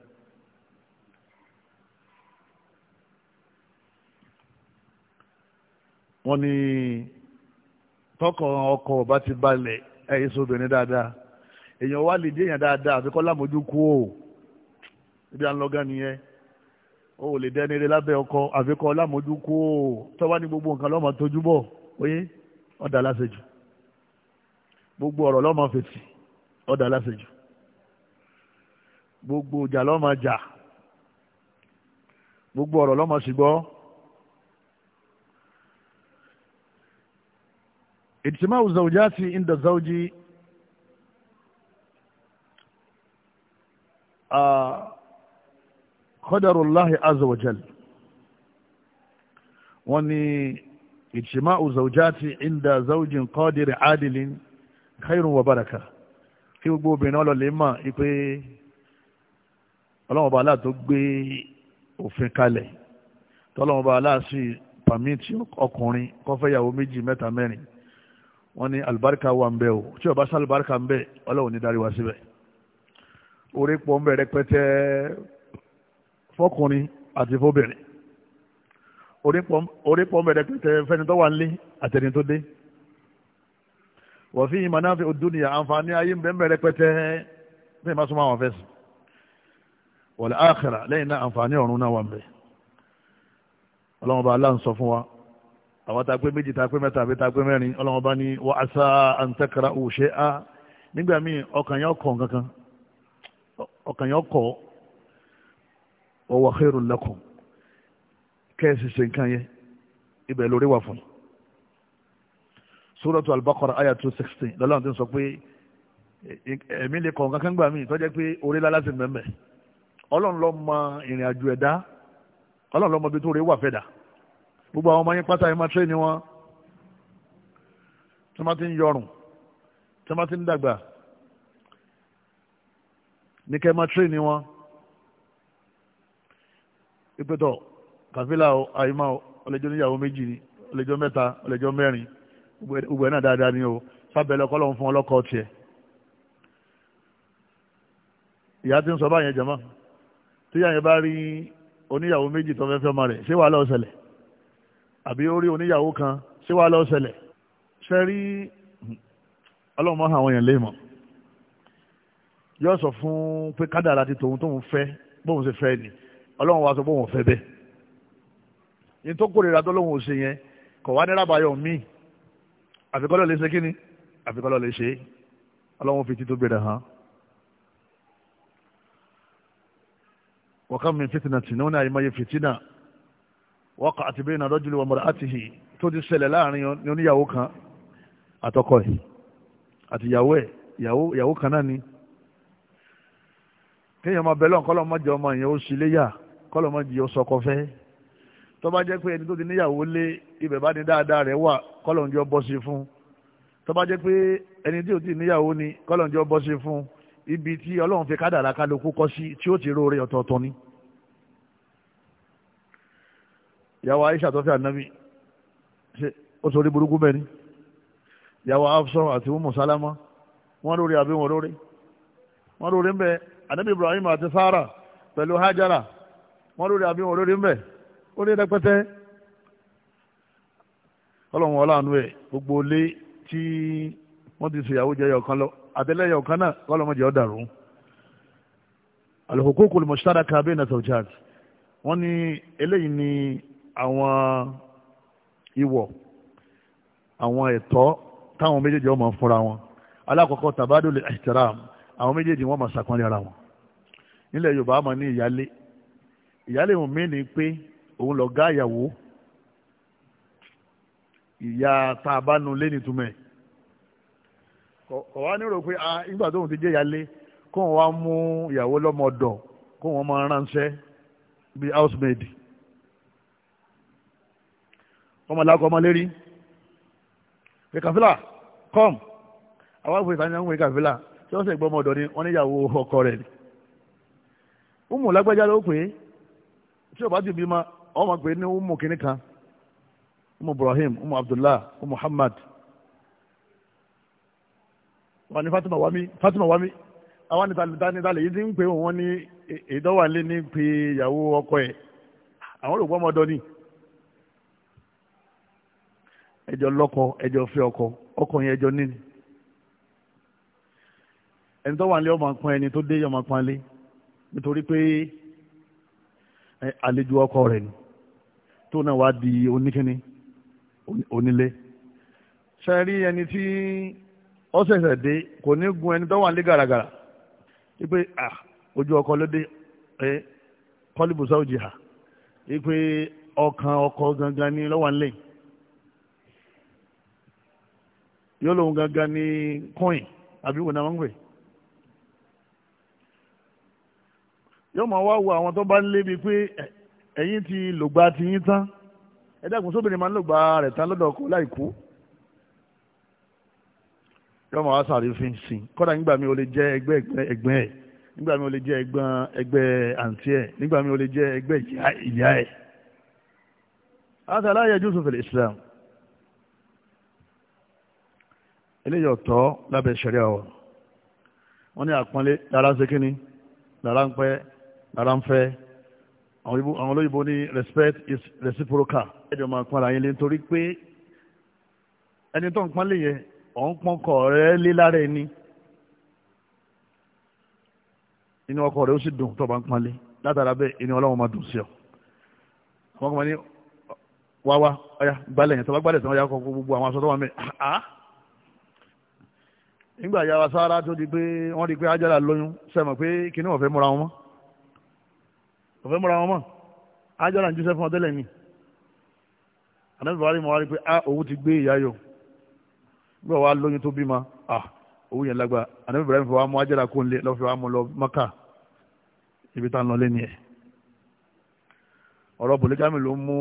wọ́n ní tọkàn ọkọ ọba ti balẹ̀ ẹ̀yìn sóbìnrin dáadáa èèyàn wá lè dé èèyàn dáadáa àfikọ́ lámojú kú o ibi à ń lọ gan nìyẹn o lè dẹni eré lábẹ́ ọkọ àfikọ́ lámójú kó o tọ́wá ní gbogbo nǹkan lọ́mọ tójú bọ̀ oyé ọ̀dà lásẹ̀jù gbogbo ọ̀rọ̀ lọ́mọ fèsì ọ̀dà lásẹ̀jù gbogbo ìjà lọ́mọ jà gbogbo ọ̀rọ̀ lọ́mọ ṣùgbọ́ ìtìmáwù zawjati inda zawji. Uh, qadarullahi الله wa jal wọ́n ní ijtima'u zawjati inda zawjin qadir adilin khairun wa baraka kí gbogbo obìnrin ọlọ́lẹ̀ mọ̀ pé ọlọ́run ọba aláà tó gbé òfin kalẹ̀ tọ́lọ́run ọba aláà sì pàmìtì ọkùnrin kọ́fẹ́yàwó méjì mẹ́ta mẹ́rin wọ́n ní alibarika wà ń bẹ o tí ọba sá alibarika ń bẹ ọlọ́run ní darí wa orí pọ̀ ń bẹ rẹpẹtẹ fọkùnrin àti fóbìnrin orí pọ̀ mẹ́rẹ̀ pẹ̀tẹ́ fẹ́ni tó wà nílé àtẹni tó dé wọ̀fí ìmọ̀ náà fi òdúnìyà àǹfààní ayé ń bẹ́ẹ̀ mẹ́rẹ̀ pẹ̀tẹ́ fún ìmọ̀ súnmọ́ àwọn fẹ́sì wal akhirah lẹ́yìn náà àǹfààní ọ̀run náà wà ń bẹ̀ ọlọ́run bá aláǹ sọ fún wa àwọn tá a pé méjì tá a pé mẹ́ta àbí tá a pé mẹ́rin ọlọ́run bá ní asa an takra'u shay'a nígbà míì ọkàn yẹn ọkọ̀ kankan ọkàn yẹn ọkọ̀ wa huwa khairun lakum kẹ́ẹ̀sì ṣe nǹkan yẹn ibẹ̀ lórí wà fún suratu al-baqara aya two sixteen lọ́lọ́run ti sọ pé ẹ̀mí lè kọ̀ọ̀kan kan gbà mí tó jẹ́ pé orí lálá ti mẹ́mẹ́ ọlọ́run ló mọ ìrìn àjò ẹ̀dá ọlọ́run ló mọ ibi tó rí wà fẹ́ dà gbogbo àwọn ọmọ yẹn pátá yẹn máa tẹ́ ni wọn tí wọ́n ti ń yọrùn tí wọ́n ti ń dàgbà ní kẹ́ máa tẹ́ ni wọn ìpẹ́tọ̀ kàfílà o àyímá o ọlẹ́jọ́ níyàwó méjì ni ọlẹ́jọ́ mẹ́ta ọlẹ́jọ́ mẹ́rin gbogbo ẹ̀ náà dáadáa ni o sábẹ́lẹ̀ ọkọ́ lọ́hún fún ọlọ́kọ tiẹ̀ ìyá tí ń sọ báyẹn jẹ̀mọ́ tíyà yẹn bá rí oníyàwó méjì tó fẹ́ fẹ́ ọmọ rẹ̀ ṣé wàá lọ ṣẹlẹ̀ àbí ó rí oníyàwó kan ṣé wàá lọ ṣẹlẹ̀ ṣe rí ọlọ́mọ àwọn èèyàn léèmọ̀ yóò sọ fún pé kádàrà ti tòun tóun fẹ́ bóun ṣe fẹ́ ni ọlọ́run wa sọ pé òun fẹ́ bẹ́ẹ̀ ní tó kórìíra tó lóun ò ṣe yẹn kò wá ní rábàáyọ̀ míì àfikọ́lọ́ lè ṣe kíni àfikọ́lọ́ lè ṣe ọlọ́run fi títú gbèrè hàn. wọ́kàn mi fitina tì náà ní àyèmáyé fitina wọ́kà àti bẹ́ẹ̀ náà rọ́júlù wọn mọ̀rọ̀ àti hì tó ti ṣẹlẹ̀ láàrin oníyàwó kan àtọkọ ẹ̀ àti ìyàwó ẹ̀ ìyàwó kan náà ni kéèyàn máa bẹ lọ́nkọ́ lọ́mọdé ọmọ ìyẹn ó sì léyà kọ́lọ̀ mọ́ jìyà sọkọ fẹ́ tó bá jẹ́ pé ẹni tó ti níyàwó lé ibẹ̀ bá ní dáadáa rẹ̀ wà kọ́lọ̀ ń jọ bọ́ sí fún tó bá jẹ́ pé ẹni tí ò ti níyàwó ni kọ́lọ̀ ń jọ bọ́ sí fún ibi tí ọlọ́run fi kádàrá kálukú kọ́ sí tí ó ti róore ọ̀tọ̀ọ̀tọ̀ ni. ìyàwó Aisha tó fẹ́ ànábì ṣe ó sọ burúkú bẹ́ẹ̀ ni ìyàwó Afsa àti Umu Salama wọ́n lórí àbí wọn lórí wọ́n lórí ń bẹ ànábì Ibrahim àti Sara pẹ̀lú Hajara wọ́n lórí àbí wọn lórí ń bẹ̀ ó lé ọlọ́run ọláàánú ẹ̀ gbogbo ilé tí wọ́n ti ṣèyàwó jẹ ọ̀kan lọ àtẹlẹ́yìn ọ̀kan náà kọ́lọ́mọdé ọ̀dàrú al-huququl mushtaraka bayna zawjat wọ́n ní eléyìí ni àwọn ìwọ̀ àwọn ẹ̀tọ́ táwọn méjèèjì ọmọ fúnra wọn alákọ̀ọ́kọ́ tabadul ihtiram àwọn méjèèjì wọ́n máa ara wọn nílẹ̀ yorùbá máa ní ìyálé ìyáálé òun mí ni pé òun lọ gá ìyàwó ìyá tá a bá nu lé nítumẹ̀ kọ̀ wá nírò pé a ah, nígbà tóun ti jẹ́ ìyáálé kó wọn wá mú ìyàwó lọ́mọ ọ̀dọ̀ kó wọn máa ránṣẹ́ bíi housemaid ọmọ làákọ ọmọ lérí pé kàfílà com àwọn àgbẹ̀ ìtàn ìyàwó kàfílà tí wọ́n sì gbọ́ ọmọ ọ̀dọ̀ ni wọ́n níyàwó ọkọ rẹ̀ ni mú lágbájá ló pè é tí o bá ti bímọ ọmọ pé ní umu kìnnì kan umu Ibrahim umu Abdullah umu Muhammad wọn ni Fatima wami Fatima wami àwọn nìtalẹ̀ yìí ti ń pè wọ́n ní ìdọ́wàlé ní pé ìyàwó ọkọ ẹ̀ àwọn olùkọ́ ọmọdọ́ ni ẹjọ́ lọ́kọ ẹjọ́ fẹ́ ọkọ ọkọ yẹn ẹjọ́ níní ẹni tó wà nílé ọmọ kan ẹni tó dé ọmọ kan lé nítorí pé. Eh, àlejò ọkọ rẹ̀ ni tó náà wá di oníkíní onílé ṣe rí ẹni tí ó ṣẹ̀ṣẹ̀ dé kò ní gun ẹni tó wà ní gàràgàrà wípé ojú ọkọ ló dé eh, kọ́líbùsà òjì hà wípé ọkàn ọkọ gangan ni lọ́wọ́ ńlẹ̀ yóò lóun gangan ni kọ́ìn àbí wọn náà wọ́n ń pè yóò máa wá wo àwọn tó bá ń lébi pé ẹ̀yin ti lògbà ti yín tán ẹ dẹ́kun sóbìnrin máa ń lògbà rẹ̀ tán lọ́dọ̀ ọkọ láìkú yóò máa wá sàrí fi sìn kọ́dà nígbà mi ò lè jẹ́ ẹgbẹ́ ẹgbẹ́ ẹ̀ nígbà mi ò lè jẹ́ ẹgbọ́n ẹgbẹ́ àǹtí ẹ̀ nígbà mi ò lè jẹ́ ẹgbẹ́ ìyá ẹ̀ àtàlá yẹ jùsùn Islam eléyìí ọ̀tọ̀ lábẹ́ ṣẹ̀ríà wọn wọ́n àpọ́nlé lára ṣe kíni lára ń pẹ́ ara ń fẹ́ àwọn olóyìnbó ní respect is reciprocal ẹjọ́ máa pọn ara yín lé nítorí pé ẹni tó ń pọn lè yẹ òun pọn kọ rẹ lé lára ẹni inú ọkọ rẹ ó sì dùn tó bá ń pọn lé látara bẹ́ẹ̀ inú ọlọ́run máa dùn sí ọ àwọn kan máa ní wáwá ọ̀yà gbalẹ̀ yẹn tó bá gbalẹ̀ tó wọ́n yà kọ́ gbogbo àwọn aṣọ tó wà mẹ́ nígbà yà wá sára tó di pé wọ́n di pé ajára lóyún sẹ́mọ̀ pé kíní wọ́n fẹ́ múra wọn mọ́ kò fẹ́ múra wọn mọ́ ájọ́ra ń jíṣẹ́ fún ọdẹ́lẹ̀ mi ànábì buhari mọ̀ wá rí pé a ah, òun ti gbé ìyá yọ gbọ́ wa lóyún tó bímọ à ah, òun yẹn lágbà ànábì buhari fi wá mú ájọ́ra kó ń lé lọ́ọ́ fi wá mú lọ mọ́kà ibi tá ń lọ lé ni ẹ̀ ọ̀rọ̀ bòlígámì ló mú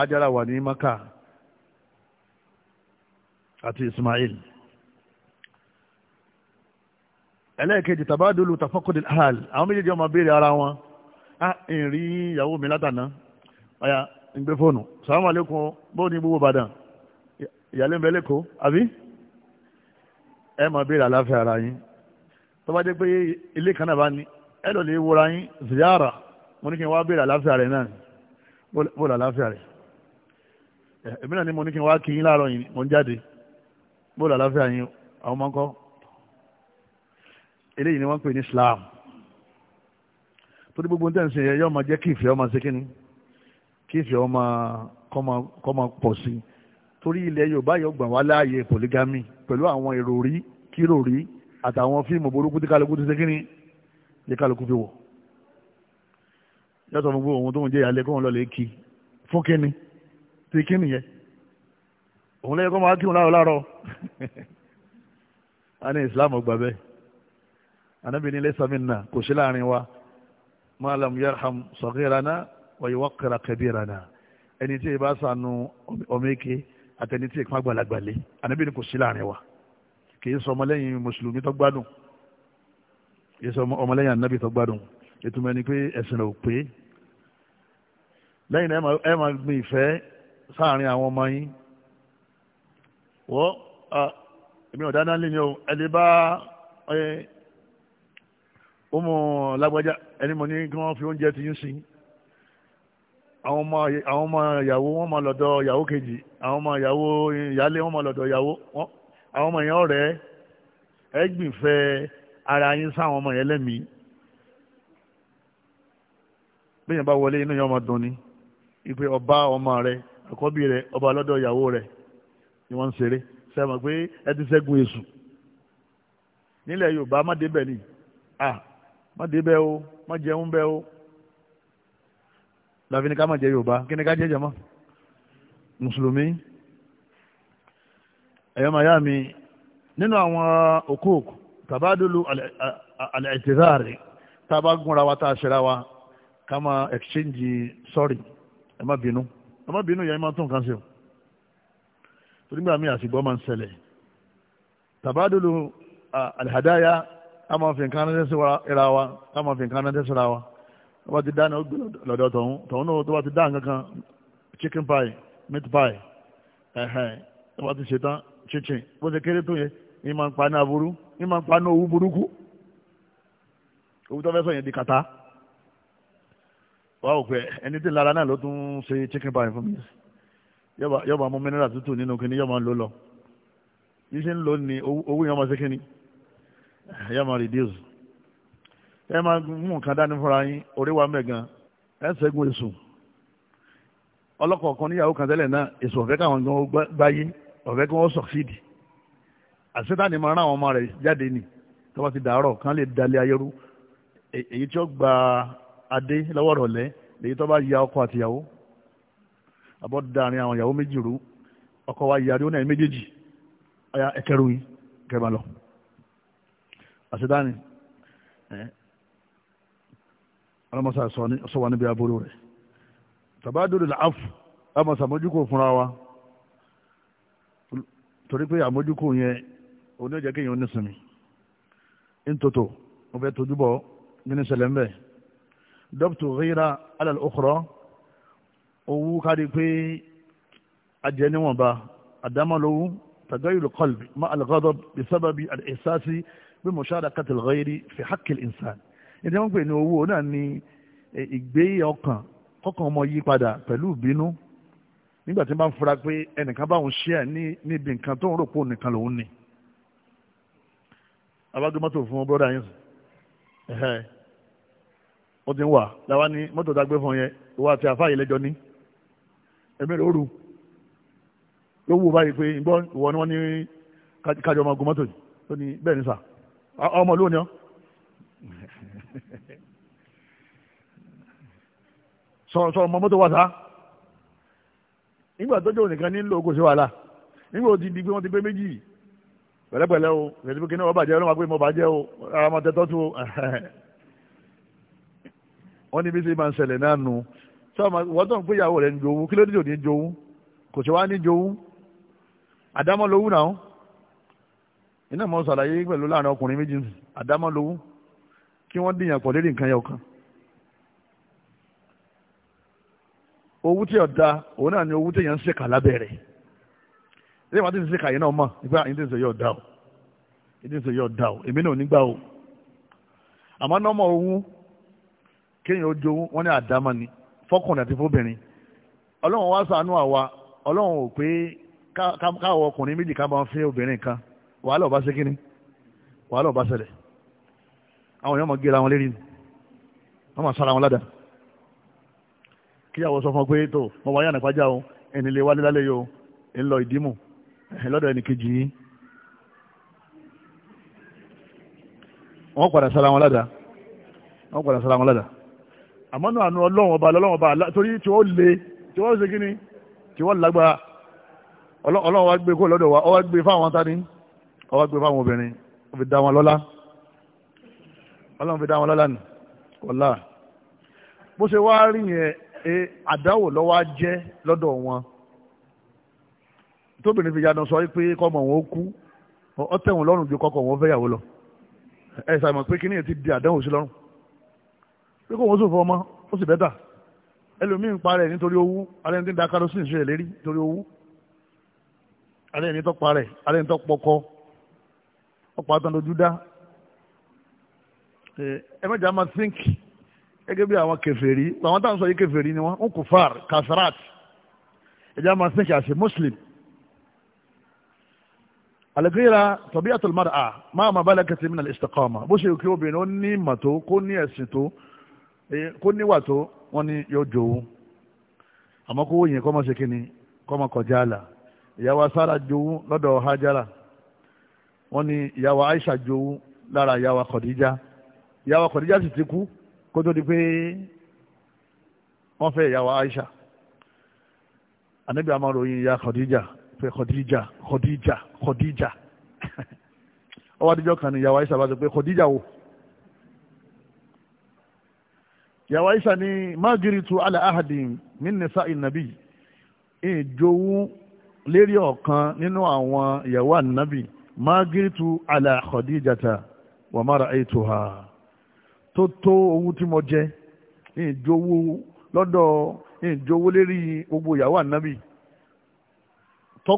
ájọ́ra wà ní mọ́kà àti ismail ẹlẹ́ẹ̀kejì tàbádùlù tàfọ́kùdì hàl àwọn méjèèjì ọmọ béèrè ara wọn ah ìrìn ìyàwó mi látàná ọ̀yà ń gbé fóònù salamu alaikum bó ní gbogbo ìbàdàn ìyàlẹ́ ń bẹ lẹ́kọ̀ọ́ àbí ẹ máa béèrè àláfíà ara yín tó bá dé pé ilé kan náà bá ní ẹ lọ lè wọra yín ziyara mo ní kí n wá béèrè àláfíà rẹ náà bó lọ àláfíà rẹ èmi náà ni mo ní kí n wá kí yín láàárọ̀ yìí mo ń jáde bó lọ àláfíà yín àwọn ọmọ ńkọ́ eléyìí ni wọ́n pè ní Islam torí gbogbo ní tẹ̀sán yẹn yóò máa jẹ́ kí ìfẹ́ ọmọ ṣe kíni kí ìfẹ́ ọmọ kọ́mọ pọ̀ sí torí ilẹ̀ Yorùbá yóò gbà wá láàyè polygamy pẹ̀lú àwọn èrò rí kírò rí àtàwọn fíìmù burúkú tí kálukú ti ṣe kíni lè kálukú fi wọ̀ yàtọ̀ gbogbo ohun tó ń jẹ́ ìyàlẹ́ kó wọn lọ lè kí fún kíni ti kíni yẹn òun lẹ́yìn kó máa kí wọn láàrọ̀ láàrọ̀ a ní Islam gbà bẹ́ẹ̀ anábìíní lẹ́sàmínà kò sí láàrin wa ma lam yarham saghirana wa yuwaqqira kabirana ẹni tí ìbá sànù ọmọkè àtẹni tí ìpá gbalagbàlẹ̀ ànábì ni kò sí láàrin wa kì í sọ ọmọlẹ́yìn mùsùlùmí tó gbádùn kì í sọ ọmọlẹ́yìn ànábì tó gbádùn ìtumọ̀ ẹni pé ẹ̀sìn rẹ̀ ò pé lẹ́yìn náà ẹ máa gbin ìfẹ́ sáàrin àwọn ọmọ yín wọ́n èmi ọ̀dáná lè ní o ẹ lè bá ó mọ lágbájá ẹni mo ní kí wọ́n fi oúnjẹ ti yín sí àwọn ọmọ àwọn ọmọ ìyàwó wọn máa lọ́dọ̀ ìyàwó kejì àwọn ọmọ ìyàwó ìyálé wọn máa lọ́dọ̀ ìyàwó àwọn ọmọ yẹn ọ̀rẹ́ ẹ gbìnfẹ́ ara yín sáwọn ọmọ yẹn lẹ́mìí bẹ́yìn bá wọlé inú yẹn ọmọ dùn ni ipe ọba ọmọ rẹ àkọ́bí rẹ ọba lọ́dọ̀ ìyàwó rẹ ni wọ́n ń ṣeré sẹ́wọ̀n pé ẹ ti ṣẹ́gun èṣù nílẹ̀ Yorùbá má débẹ̀ ni ah má dé bẹ́ẹ̀ o má jẹun bẹ́ẹ̀ o láfi ní ká má jẹ yorùbá kí ni ká jẹ jẹmọ́ mùsùlùmí ẹ̀yọ́ màyá mi nínú àwọn òkúòkù tàbádùlù àlẹ́tìzáàrí tàbá gúnra wa tá a ṣẹra wa ká máa exchange sorry ẹ má bínú ẹ má bínú yẹn máa tún kan sí o torí gbà mí àsìgbọ́ máa ń ṣẹlẹ̀ tàbádùlù àlẹ́hàdáyà a máa fi nǹkan ránṣẹ́ síra wa a máa fi nǹkan ránṣẹ́ síra wa tó bá ti dá ní ọgbẹ́ lọ́dọ̀ tọ̀hún tọ̀hún náà tó bá ti dá nǹkan kan chicken pie meat pie ẹ̀hẹ̀n tó bá ti ṣetán chinchin bó ṣe kéré tó yẹ ní máa ń pa ní aburú ní máa ń pa ní owó burúkú owó tó fẹ́ sọ yẹn di kàtá wàá wò pé ẹni tí lára náà ló tún ṣe chicken pie fún mi yọba mú mineral tútù nínú kíní yọba ń lò lọ yìí ṣe ń lò ní owó yẹn ọmọ ṣe kíní yóò máa reduce ẹ máa mú nǹkan dání fúnra yín orí wa mẹ́gan ẹ ṣẹ́gun èṣù ọlọ́kọ̀ọ̀kan níyàwó kan tẹ́lẹ̀ náà èṣù ọ̀fẹ́ káwọn gan gbáyé ọ̀fẹ́ kí wọ́n succeed àṣetánì máa rán àwọn ọmọ rẹ̀ jáde nì tó bá ti dàárọ̀ kán lè dalẹ̀ ayérú èyí tí ó gba adé lọ́wọ́ rọ̀lẹ́ èyí tó bá ya ọkọ àtìyàwó àbọ̀ dáàrin àwọn ìyàwó méjì rú ọkọ wa yàrá ó náà méjèèjì ọ̀yà ẹ̀kẹ́rù yín kẹ́ máa lọ àṣedáni ọlọ́mọsá sọ wa níbi aburú rẹ̀ tàbádùrù làáfù àmọ̀sà mójúkò fúnra wa torí pé àmójúkò yẹn oníjẹ́ kéèyàn onísìnmi ntótó mo fẹ́ tójú bọ̀ nínú ìṣẹ̀lẹ̀ ń bẹ̀ dọ́pítù rírà alẹ́ òkúrọ́ owó kárí pé ajẹ́ níwọ̀nba àdámọ́lówó tàgáyìlú kọ́lbì má alùkọ́dọ̀ bisábàbí àdìsáàsì bí musharakatil ghayri fi haqqil insan ẹni wọ́n pè ní owó náà ni eh, ìgbé ọkàn kọ́kàn ọmọ yí padà pẹ̀lú ìbínú nígbà tí wọ́n bá ń fura pé ẹnìkan bá òun ṣíà ní níbi nǹkan tó ń rò pò nìkan lòun ni abágbé mọ́tò fún bọ́dà yín ẹ̀hẹ́ ó ti ń wà láwa ní mọ́tò tá a gbé fún yẹn ìwà àti àfáà yìí lẹ́jọ́ ní ẹ̀mí rẹ̀ ó rù ló wù báyìí pé ìgbọ́ ìwọ ni wọ́n ní kájọ ọmọ ogun mọ́tò yìí ó ní bẹ́ẹ̀ ni sà ọmọ lónìí ọ sọ̀rọ̀ mọ mọ́tò wà sá nígbà tó jẹ́ ònìkan nílò ogun sí wàhálà nígbà ó ti di pé wọ́n ti pé méjì pẹ̀lẹ́pẹ̀lẹ́ o pẹ̀lú kí ní wọ́n bàjẹ́ ọlọ́mọ pé mo bàjẹ́ o ara máa tẹ́tọ́ o wọ́n ní bí sí máa ń ṣẹlẹ̀ náà nu wọ́n tó ń pé ìyàwó rẹ̀ ń jowú kí ló dé òní jowú kò sí wá ní jowú àdámọ́ lówú náà iná mọ́ sàlàyé pẹ̀lú láàrin ọkùnrin méjì àdámọ́ kí wọ́n dìyàn pọ̀ lérí nǹkan yẹn owó tí ọ̀dà òun náà ni owó tí èèyàn ń ṣèkà lábẹ́rẹ̀ ilé ìwádìí ti ṣèkà yẹn náà mọ̀ nígbà yìí ti ń sọ yọ ọ̀dà o yìí ti ń sọ yọ ọ̀dà o èmi náà nígbà o àmọ́ nọ́mọ̀ owó kéèyàn ó jowó wọ́n ní àdámọ́ ni fọ́kùnrin àti fóbìnrin ọlọ́run wá ṣàánú àwa ọlọ́run ò pé káwọ ọkùnrin méjì ká máa fẹ́ obìnrin kan wàhálà ọba ṣe kíni wàhálà ọba ṣẹlẹ̀ àwọn èèyàn mọ̀ gíra wọn lérí wọ́n mọ̀ sára wọn ládàá kíyàwó sọ fún ọ pé tó mo wáyà nàpájà o ẹni lè wálé lálẹ́ yóò ń lọ ìdímù lọ́dọ̀ ẹnì kejì yìí wọ́n padà sára wọn ládàá wọ́n padà sára wọn ládàá àmọ́ náà àánú ọlọ́run ọba lọ́lọ́run ọba torí tí ó le tí wọ́n ṣe kí tí wọ́n lágbára ọlọ́run wá gbé kó lọ́dọ̀ wa ọ wá gbé fáwọn tani ọwọ́ gbé fáwọn obìnrin ó fi dá wọn lọ́lá ọlọ́run fi dá wọn lọ́lá nù kọ́lá bó ṣe wá rí yẹn e àdáwò lọ́wọ́ á jẹ́ lọ́dọ̀ wọn tóbìnrin fi yanu sọ pé kọ́mọ wọn ó kú ọ tẹ̀wọ̀n lọ́rùn ju kọ́kọ́ wọn fẹ́yàwó lọ ẹ ṣàmọ̀ pé kíní yẹn ti di àdáwò sí lọ́rùn pé kò wọ́n sùn fún ọmọ ó sì bẹ́tà ẹlòmíín parẹ́ nítorí owó alẹ́ ní ti da kerosene ṣe ìlérí nítorí owó alẹ́ ní parẹ́ alẹ́ ní pọkọ́ ọ̀pọ̀ àtàndójú dá ẹ mẹ́jà máa think gẹ́gẹ́ bí àwọn kèfèrí àwọn táwọn sọ yìí kèfèrí ni wọ́n ń kò far kasarat ẹ̀já máa think as a muslim alẹ́gbẹ́ra tọ́bí àtọ̀lùmọ́dà à máa máa bálẹ̀ kẹsì mìíràn istiqama bó ṣe kí obìnrin ó ní ìmọ̀ tó kó ní ẹ̀sìn tó kó níwà tó wọ́n ní yóò jòwó àmọ́ kó wòye kọ́ mọ́ ṣe kíni kọ́ mọ́ kọjá àlà ìyàwó asára jòwó lọ́dọ̀ hajara wọ́n ní ìyàwó Aisha jowú lára ìyàwó Khadija ìyàwó Khadija sì ti kú kó tó di pé wọ́n fẹ́ ìyàwó Aisha anabi amaro yin ya Khadija pé Khadija Khadija Khadija ọwọ́ adijọ́ kan ní ìyàwó Aisha bá sọ pé Khadija wò ìyàwó Aisha ní tu ala ahadin min nisa'i nabi ìjòwú lérí ọ̀kan nínú àwọn ìyàwó ànábì ma gíritù àlà Khadijata wà mara ra ètò ha tó tó owó tí mo jẹ ìjowó lọ́dọ̀ ìjowó lérí gbogbo ìyàwó ànábì tó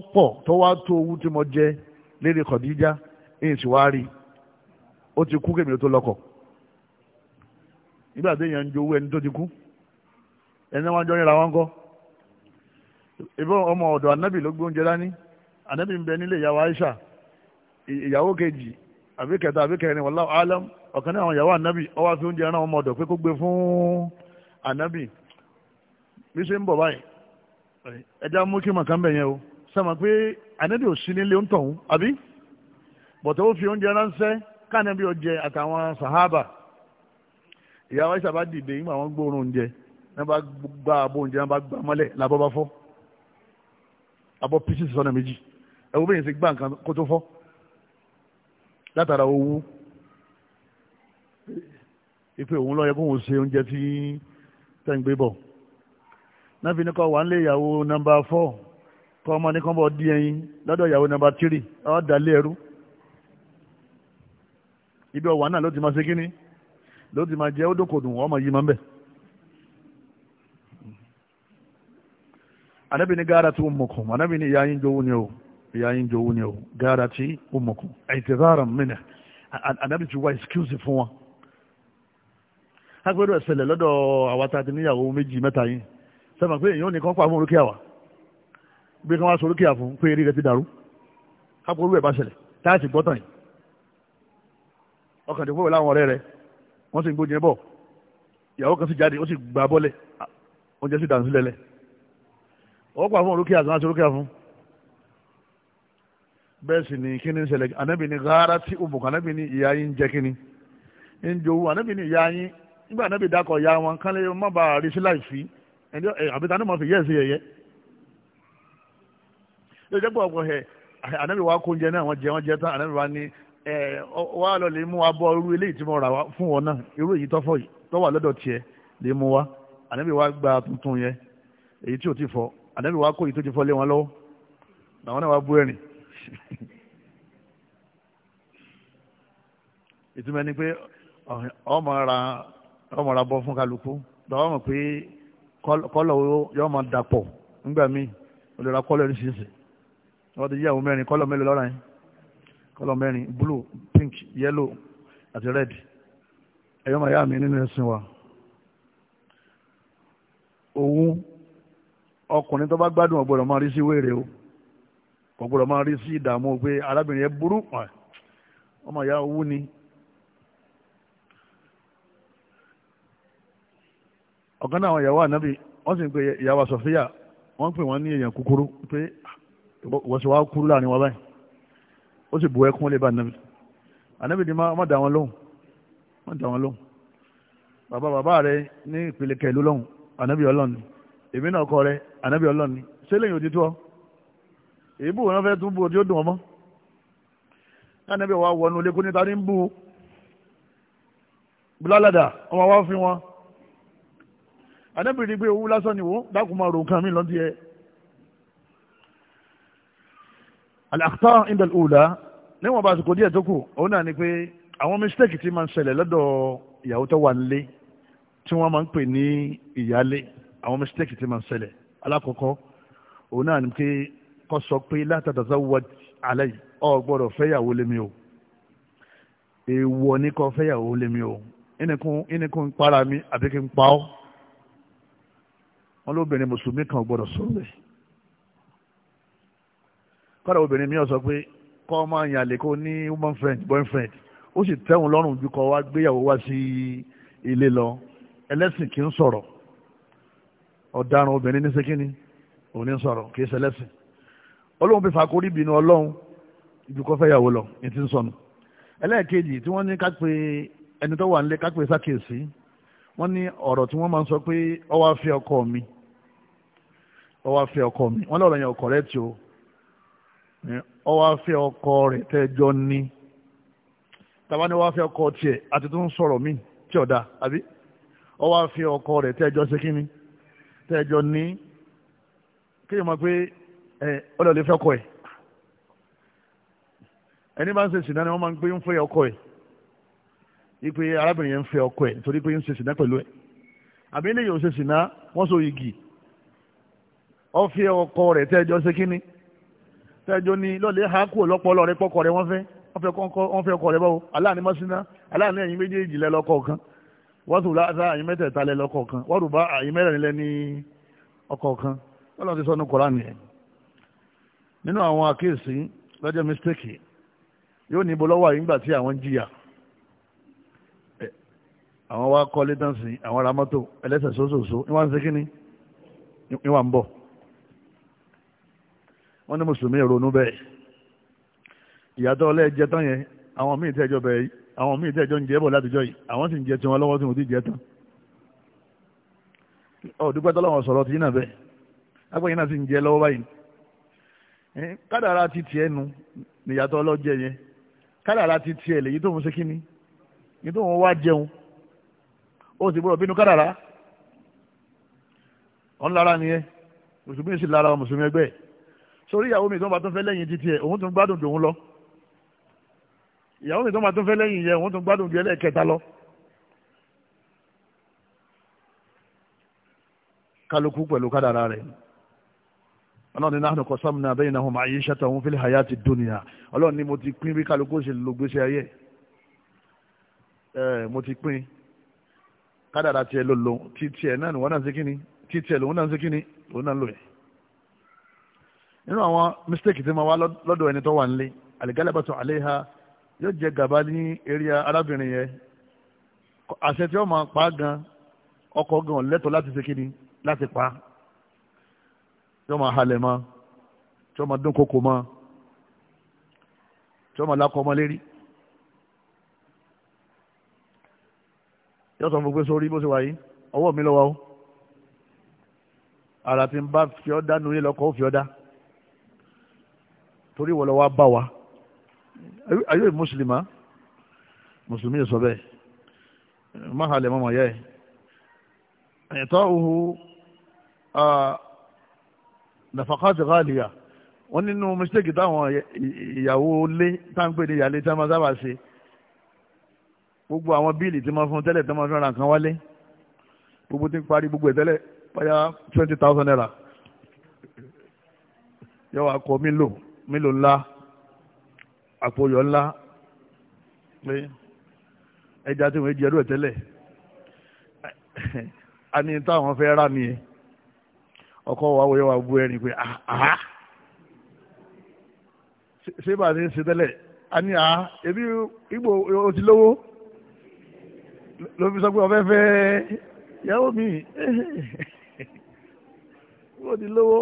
tó wá tó owó tí mo jẹ lérí Khadija ìsìwárí ó ti kú kèmí tó lọ́kọ nígbà tí èèyàn ń jowó ẹni tó ti kú ẹni wọn jọ nira wọn kọ ìbọn ọmọ ọ̀dọ̀ ànábì ló gbóúnjẹ dání ànábì ń bẹ nílé ìyàwó Aisha ìyàwó kejì àbí kẹta àbí kẹrin wallahu alam ọ̀kan náà àwọn ìyàwó ànábì ó wá fi oúnjẹ rán ọmọ ọ̀dọ̀ pé kó gbé fún ànábì bí ṣe ń bọ̀ báyìí ẹja mú kí màkàn bẹ̀ yẹn o sọ̀mọ̀ pé ànábì ò sí nílé ń tọ̀hún àbí bọ̀tọ̀ ó fi oúnjẹ ránṣẹ́ káànábì ó jẹ àtàwọn sàhábà ìyàwó ìṣàbá dìde nígbà wọn gbóòórùn oúnjẹ náà bá gba àbò oúnjẹ náà bá gbà mọ́lẹ̀ làbọ́ bá fọ́ àbọ̀ píṣì sọ́nà méjì ẹ̀wọ́ bẹ́yẹn ti gbá nǹkan kó tó fọ́ látara owó ife òun ló yẹ kóun ṣe oúnjẹ tí tẹ̀ ń gbé bọ̀ ní kọ́ wà ń lé ìyàwó nọmba fọ́ kọ́ ọmọ ní kọ́ bọ̀ ẹyin lọ́dọ̀ ìyàwó nọmba tírì ọ́ ẹrú ibi ọ̀wà náà ló ti máa ṣe ló ìyá yín jowú ni o gára tí ó mọ̀kún ẹ̀tẹ̀zára mìnà àdábì ti wá ẹ̀skúsì fún wọn. agbẹ́rù ẹ̀sẹ̀lẹ̀ lọ́dọ̀ àwa tá a ti níyàwó méjì mẹ́ta yín sẹ́mi pé èèyàn nìkan pa fún orókè àwà bí kan wá sọ orókè àfún pé eré rẹ ti dàrú kápò orú ẹ̀ bá ṣẹlẹ̀ táàsì gbọ́tàn yìí ọkàn tó fọwọ́ láwọn ọ̀rẹ́ rẹ wọ́n sì ń gbójú ẹ bọ̀ ìyàwó kan sì jáde ó sì gbà bọ́lẹ̀ oúnjẹ sì dànù sílẹ̀ lẹ̀ ọ̀pọ̀ àwọn orókè àti wọn aṣọ orókè àfún bẹ́ẹ̀ sì ni kí ni ń ṣẹlẹ̀ ànábì ni rárá tí o bùkún ànábì ni ìyá yín jẹ́ kí ni ń jowó ànábì ni ìyá yín nígbà ànábì dákọ̀ wọn kán ma má ba àrí sí láìsí ẹ̀jọ́ àbíta ni mo fi yẹ́ ẹ̀ sí yẹ̀yẹ́ jẹ́ pọ̀ ọ̀pọ̀ wa kó náà wọ́n jẹ wọ́n jẹ tán wa ni lọ lè mú wa bọ́ irú eléyìí tí mo rà fún wọn náà irú èyí tọ́fọ̀ lọ́dọ̀ tiẹ̀ lè mú wa wa gba tuntun yẹn èyí tí ò ti fọ ti fọ ìtumọ̀ ni pé ọmọ ra ọmọ ra bọ́ fún kálukú lọ́wọ́ mọ̀ pé kọ́lọ̀ yóò máa dàpọ̀ nígbà míì olùra kọ́lọ̀ ní sísè wọ́n ti yíyàwó mẹ́rin kọ́lọ̀ mẹ́rin lọ́ra yẹn kọ́lọ̀ mẹ́rin blue pink yellow àti red ẹ̀yọ́ màá yá mi nínú ẹ̀sìn wa òun ọkùnrin tó bá gbádùn ọ̀gbọ̀dọ̀ máa rí sí wéèrè o kò gbọ́dọ̀ máa rí sí ìdààmú pé arábìnrin yẹn burú ọmọ ìyá owó ni ọ̀kan náà àwọn ìyàwó ànábì wọ́n sì ń pe ìyàwó sọ̀fíà wọ́n ń pè wọ́n ní èèyàn kúkúrú pé wọ́n sì wá kúrú láàrin wọn báyìí ó sì bu ẹkún lè bá ànábì ànábì ni má dá wọn lóhùn má dá wọn lóhùn bàbá bàbá rẹ ní ìpele kẹlú lóhùn ànábì ọlọ́ni èmi náà kọ rẹ ànábì ọlọ́ni ṣé lẹ́yìn òtítọ́ èyí bù wọn fẹ́ tún bù ó ó dùn ọmọ láti ẹbí wa wọnú ilé kó níta ní bù bùlálàdà ọmọ wa fi wọn àdébìrì pé owó lásán ni wò dákun máa ro nǹkan mi lọ́ntì ẹ. àlàkùtà ìdàlù òòlà níwọ̀n bá àsìkò díẹ̀ tó kù òun náà ni pé àwọn mistake ti máa ń ṣẹlẹ̀ lọ́dọ̀ ìyàwó tó wà nílé tí wọ́n máa ń pè ní ìyálé àwọn mistake ti máa ń ṣẹlẹ̀ alákọ̀ọ́kọ́ òun náà ni pé kọ́ sọ pé látàdàzáwọ́d alẹ́ ọ gbọ́dọ̀ fẹ́yàwó lémi o èèwọ̀ ní kọ́ fẹ́yàwó lémi o ẹnìkan para mi àbí kí n pa ọ́ wọn lóbìnrin mùsùlùmí kan gbọ́dọ̀ sọ̀rọ̀ rẹ̀ kọ́dà obìnrin mi sọ pé kọ́ ọmọ àyàn àlè kó ní woman friend boyfriend ó sì tẹ́wọ̀n lọ́rùn ju kọ́ wá gbéyàwó wá sí ilé lọ ẹlẹ́sìn kì í sọ̀rọ̀ ọ̀daràn obìnrin ní sẹ́kínní òun sọ̀rọ̀ kì í ṣẹlẹ́sìn ọlọ́run fi fàkórí bínú ọlọ́run ìdúkọ́ fẹ́ yàwó lọ ní ti ń sọnù ẹlẹ́ẹ̀kejì tí wọ́n ní ká pé ẹni tó wà nílé ká pé sákèsí wọ́n ní ọ̀rọ̀ tí wọ́n máa ń sọ pé ó wá fẹ́ ọkọ mi ó wá fẹ́ ọkọ mi wọ́n lọ́rọ̀ yẹn ọkọ rẹ tí o ó wá ọkọ rẹ tẹ́jọ́ ní tàbá ni ó wá ọkọ tiẹ̀ àti tó ń sọ̀rọ̀ mí tí ọ̀dà àbí ó wá ọkọ rẹ tẹ́jọ́ ṣe kíni tẹ́jọ́ ní kéèyàn máa pé ọlọ́ọ̀lẹ́ fẹ ọkọ ẹ ẹni bá ń ṣe ni wọ́n máa ń gbé ń fẹ ọkọ ẹ ipe arábìnrin yẹn ń fẹ ọkọ ẹ torí pé ń ṣe pẹ̀lú àbí ilé yóò ṣe sìnà wọ́n igi ọkọ rẹ tẹjọ ṣe kínní tẹjọ ni lọ́ọ̀lẹ́ ha kú ọlọ́pọ̀lọ́ ọkọ rẹ báwo aláàánú aláàánú méjèèjì kan tún nínú àwọn àkíyèsí lọ́jọ́ mistake yóò ní ibo lọ́wọ́ yìí nígbà tí àwọn ń jìyà àwọn wa kọ́lé tán sí àwọn ará mọ́tò ẹlẹ́sẹ̀ sóṣooṣo ní wọ́n ń ṣe kínní ní wọ́n ń bọ̀ wọ́n ní mùsùlùmí ronú bẹ́ẹ̀ ìyàtọ̀ ọlẹ́ẹ̀jẹ tán yẹn àwọn míì tẹ́jọ bẹ́ẹ̀ àwọn míì tẹ́jọ ń jẹ́ bọ̀ látijọ́ yìí àwọn sì ń jẹ tiwọn lọ́wọ́ tí mo ti jẹ tán kádàrá ti tiẹ̀ nu nìyàtọ̀ ọlọ́jẹ yẹn kádàrá ti tiẹ̀ lèyí tó ń ṣe kíni yìí tó ń wá jẹun ó sì gbọ́dọ̀ bínú kádàrá ọ̀n lára nìyẹn mùsùlùmí sì lára mùsùlùmí ẹgbẹ́ sórí ìyàwó mi tó ń bá tó fẹ́ lẹ́yìn ti tiẹ̀ òun tó ń gbádùn dòun lọ ìyàwó mi tó máa tún fẹ́ lẹ́yìn yẹn òun tún gbádùn ju ẹlẹ́ẹ̀kẹta lọ. kálukú pẹ̀lú kádàrá rẹ̀ ọlọ́run ní nahnu qasamna baynahum ma'ishatahum fil hayati dunya ọlọ́run ní mo ti pín bí kálukú ṣe lo gbèsè ayé ẹ mo ti pín kádàrà tiẹ̀ ló lo tí tiẹ̀ náà wọ́n náà ń ṣe kíni tí tiẹ̀ lòun náà ṣe kíni lòun náà lò yẹn. nínú àwọn mistake tí ma wá lọ́dọ̀ ẹni tó wà nílé al-galabatu alayha yóò jẹ gàba ní area arábìnrin yẹn àṣẹ tí wọ́n máa pa gan ọkọ̀ gan lẹ́tọ̀ọ́ tí wọ́n máa halẹ̀ mọ́ tí wọ́n máa dún kókò mọ́ tí wọ́n máa lakọ ọmọ lérí yóò sọ fún pé sórí bó ṣe wà yìí ọwọ́ mi lọ́wọ́ o ara tí ń bá fi ọ́ dá nulẹ̀ lọ́kọ̀ ó fi dá torí wọ́n lọ wá bá wa ayé mùsùlùmá ah? mùsùlùmí sọ bẹ́ẹ̀ máa halẹ̀ mọ́mọ́ yẹ́ ẹ̀ ẹ̀tọ́ òhu. Ah, nàfàkàtì ghaliya wọ́n nínú mistake táwọn ìyàwó lé táǹpé ní ìyàlé tí wọ́n máa sábà ṣe gbogbo àwọn bíìlì tí wọ́n fún tẹ́lẹ̀ tí wọ́n fi ra nǹkan wálé gbogbo tí ń gbogbo ẹ̀ tẹ́lẹ̀ báyà twenty thousand naira yọ akọ mílò milo ńlá àpòyọ ńlá pé ẹja tí wọ́n di ẹrú ẹ̀ tẹ́lẹ̀ a ní táwọn fẹ́ rà nìyẹn ọkọ wa wọ́yọ́ wa bú ẹni pé àá ah, ṣé bá a ti ń a ní àá ebi igbó o ti lówó ló fi sọ pé ọfẹ́ fẹ́ yàwó mi o ti lówó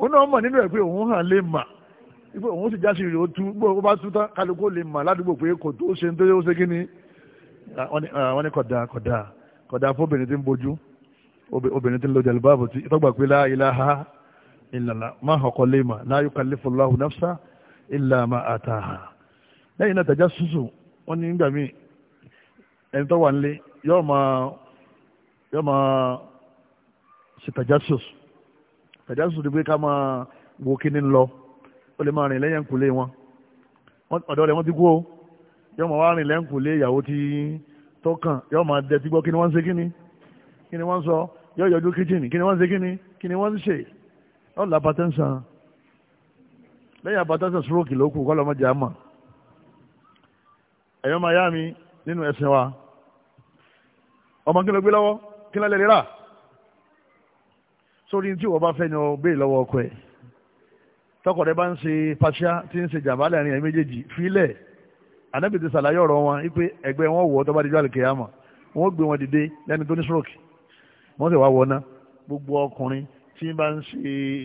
òun náà mọ̀ nínú ẹ̀ pé òun hàn lè mà ipò òun sì jáṣe rè o tú gbó ó bá tú tán kálukú lè mà ládùúgbò pé kò tó ṣe ń tó ṣe kí ni wọ́n ní kódà kódà kódà fóbìnrin tí ń bojú obìnrin tí ń lo jẹ̀lúbáàbù tí tọ́gbà pé la ilaha illallah máa hàn kọ́lé mà la yukallifu Allahu nafsa illa ma ataha lẹ́yìn náà tajassusu wọ́n ní nígbà míì ẹni tó wà nílé yóò máa yóò máa ṣe tajassus tajassus ni pé ká máa wo kíní lọ ó lè máa rìn lẹ́yìn kùlé wọn ọ̀dọ́ rẹ̀ wọ́n ti kú o yóò máa wá rìn lẹ́yìn kùlé ìyàwó tí tó kàn yóò máa dẹ́tí gbọ́ kíni wọ́n ń ṣe kíni kíni wọ́n ń sọ yóò yọjú kíjìnì kí ni wọ́n ń ṣe kí ni kí ni wọ́n ń ṣe ọ́ là bàtà ń san lẹ́yìn àbàtà sàn stroke ló kù kọ́ lọ́mọdé àmà ẹ̀yọ́ máa yá mi nínú ẹ̀sìn wa ọmọ kí ló gbé lọ́wọ́ kí ló lè rí rà sórí tí wọ́n bá fẹ́ ni ọ béè lọ́wọ́ ọkọ ẹ̀ tọkọ rẹ bá ń ṣe pàṣẹ tí ń ṣe jàmbá láàrin ẹ̀ méjèèjì fílẹ̀ ànábì ti ọ̀rọ̀ wọn wípé ẹgbẹ́ wọn wọ̀ ọ́ tó bá dijọ́ àlùkè àmà wọn gbé wọn dìde lẹ́ni tó ní stroke wọ́n sì wá wọná gbogbo ọkùnrin tí bá ń ṣe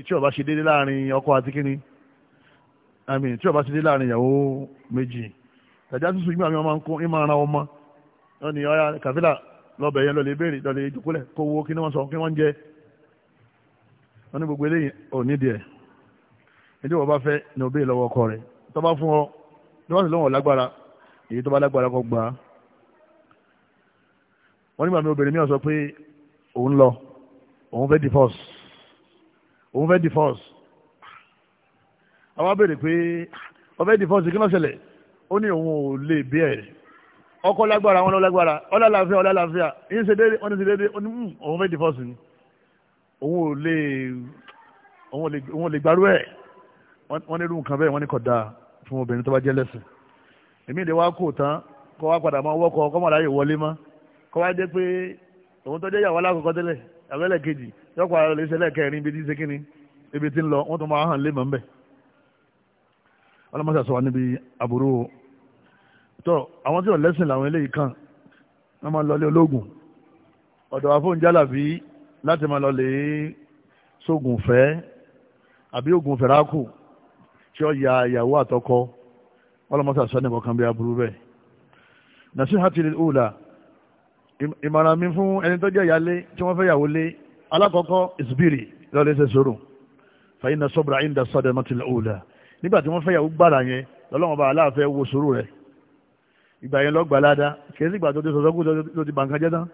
tí ó bá ṣe déédéé láàrin ọkọ àti kíni àmì tí ó bá ṣe déédéé láàrin ìyàwó méjì tàjà sísun ìgbà mi máa ń kó ìmọ̀ ara ọmọ wọn ni ọ̀ya kàfílà lọ́bẹ̀ yẹn lọ́lẹ̀ ìbéèrè lọ́lẹ̀ ìdúkúlẹ̀ kó wo kí ni wọ́n sọ kí wọ́n jẹ wọn ní gbogbo eléyìí ò nídìí ẹ̀ ẹjọ́ wọn bá fẹ́ ní òbí lọ́wọ́ ọkọ rẹ̀ tó fún ọ tó lọ́wọ́ lágbára èyí tó lágbára kọ gbà wọ́n nígbà mi obìnrin mi sọ pé òun lọ òun fẹ́ divorce òun fẹ́ divorce àwa béèrè pé ó fẹ́ divorce kí ló ṣẹlẹ̀ ó ní òun ò lè bí ẹ̀ ọkọ lágbára wọn lọ lágbára ọlálàáfíà ọlálàáfíà yín ṣe déédéé wọn ṣe déédéé ó ní hmm, òun fẹ́ divorce ni òun ò lè òun ò lè gbarú ẹ̀ wọ́n ní irú nǹkan bẹ́ẹ̀ wọ́n ní kò dáa fún obìnrin tó bá jẹ́ lẹ́sìn èmi ìdè wa kò tán kó wa padà máa wọ́kọ̀ kó mọ̀ láyè wọlé mọ́ kó wa dé pé òun tó jẹ́ ìyàwó alákọ̀ọ́kọ́ tẹ́lẹ̀ ìyàwó ẹlẹ́kejì yọ̀pọ̀ ara lè ṣe ẹlẹ́kẹrin ibi tí ń ṣe kínní ibi tí ń lọ wọ́n tó máa hàn lé mọ́ ń bẹ̀. ọlọ́mọṣà sọ wa níbi àbúrò tó àwọn tí ò lẹ́sìn làwọn eléyìí kan wọ́n máa lọ lé ológun ọ̀dọ̀ àfóúnjálàbí láti máa lọ lè sógun fẹ́ àbí ògùn fẹ́ráàkù tí ó ya ìyàwó àtọkọ ọlọ́mọṣà sọ níbọ̀ kan bí aburú bẹ́ẹ̀ nàṣíhàtì ìmọ̀ràn mi fún ẹni tó jẹ́ ìyálé tí wọ́n fẹ́ yàwó lé alákọ̀ọ́kọ́ ìsibiri lọ́lẹ́ ṣe sòrò fàyínà sọ́bùrà ìndà sọ́dẹ̀ mọ́tìlẹ̀ òòlà nígbà tí wọ́n fẹ́ yàwó gbàrà yẹn lọ́lọ́wọ́n bá aláàfẹ́ wo sòrò rẹ̀ ìgbà yẹn lọ́gbà ládá kìí sígbà tó ti sọ̀sọ́ kú tó ti bànkan jẹ́ tán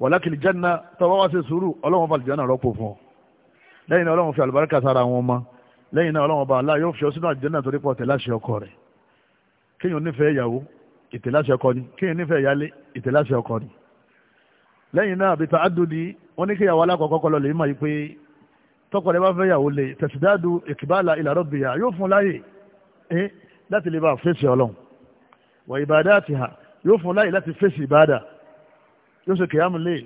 wàlákìlì jẹ́nà tọ́wọ́ ìtẹ̀láṣẹ ọkọ ni kéèyàn nífẹ̀ẹ́ ìyálé ìtẹ̀láṣẹ ọkọ ni lẹ́yìn náà àbí tààdùdì wọ́n ní kíyàwó alákọ̀ọ́kọ́ kọ́ lọ lè mọ̀ yìí pé tọkọ rẹ bá fẹ́ yàwó lè tẹ̀sídáàdù ìkìbálà ìlàrọ̀ bìyà yóò fún láyè ẹ́ láti lè bá fèsì ọlọ́run wà ìbàdà àti hà yóò fún láyè láti fèsì ìbàdà yóò ṣe kìyàmù lè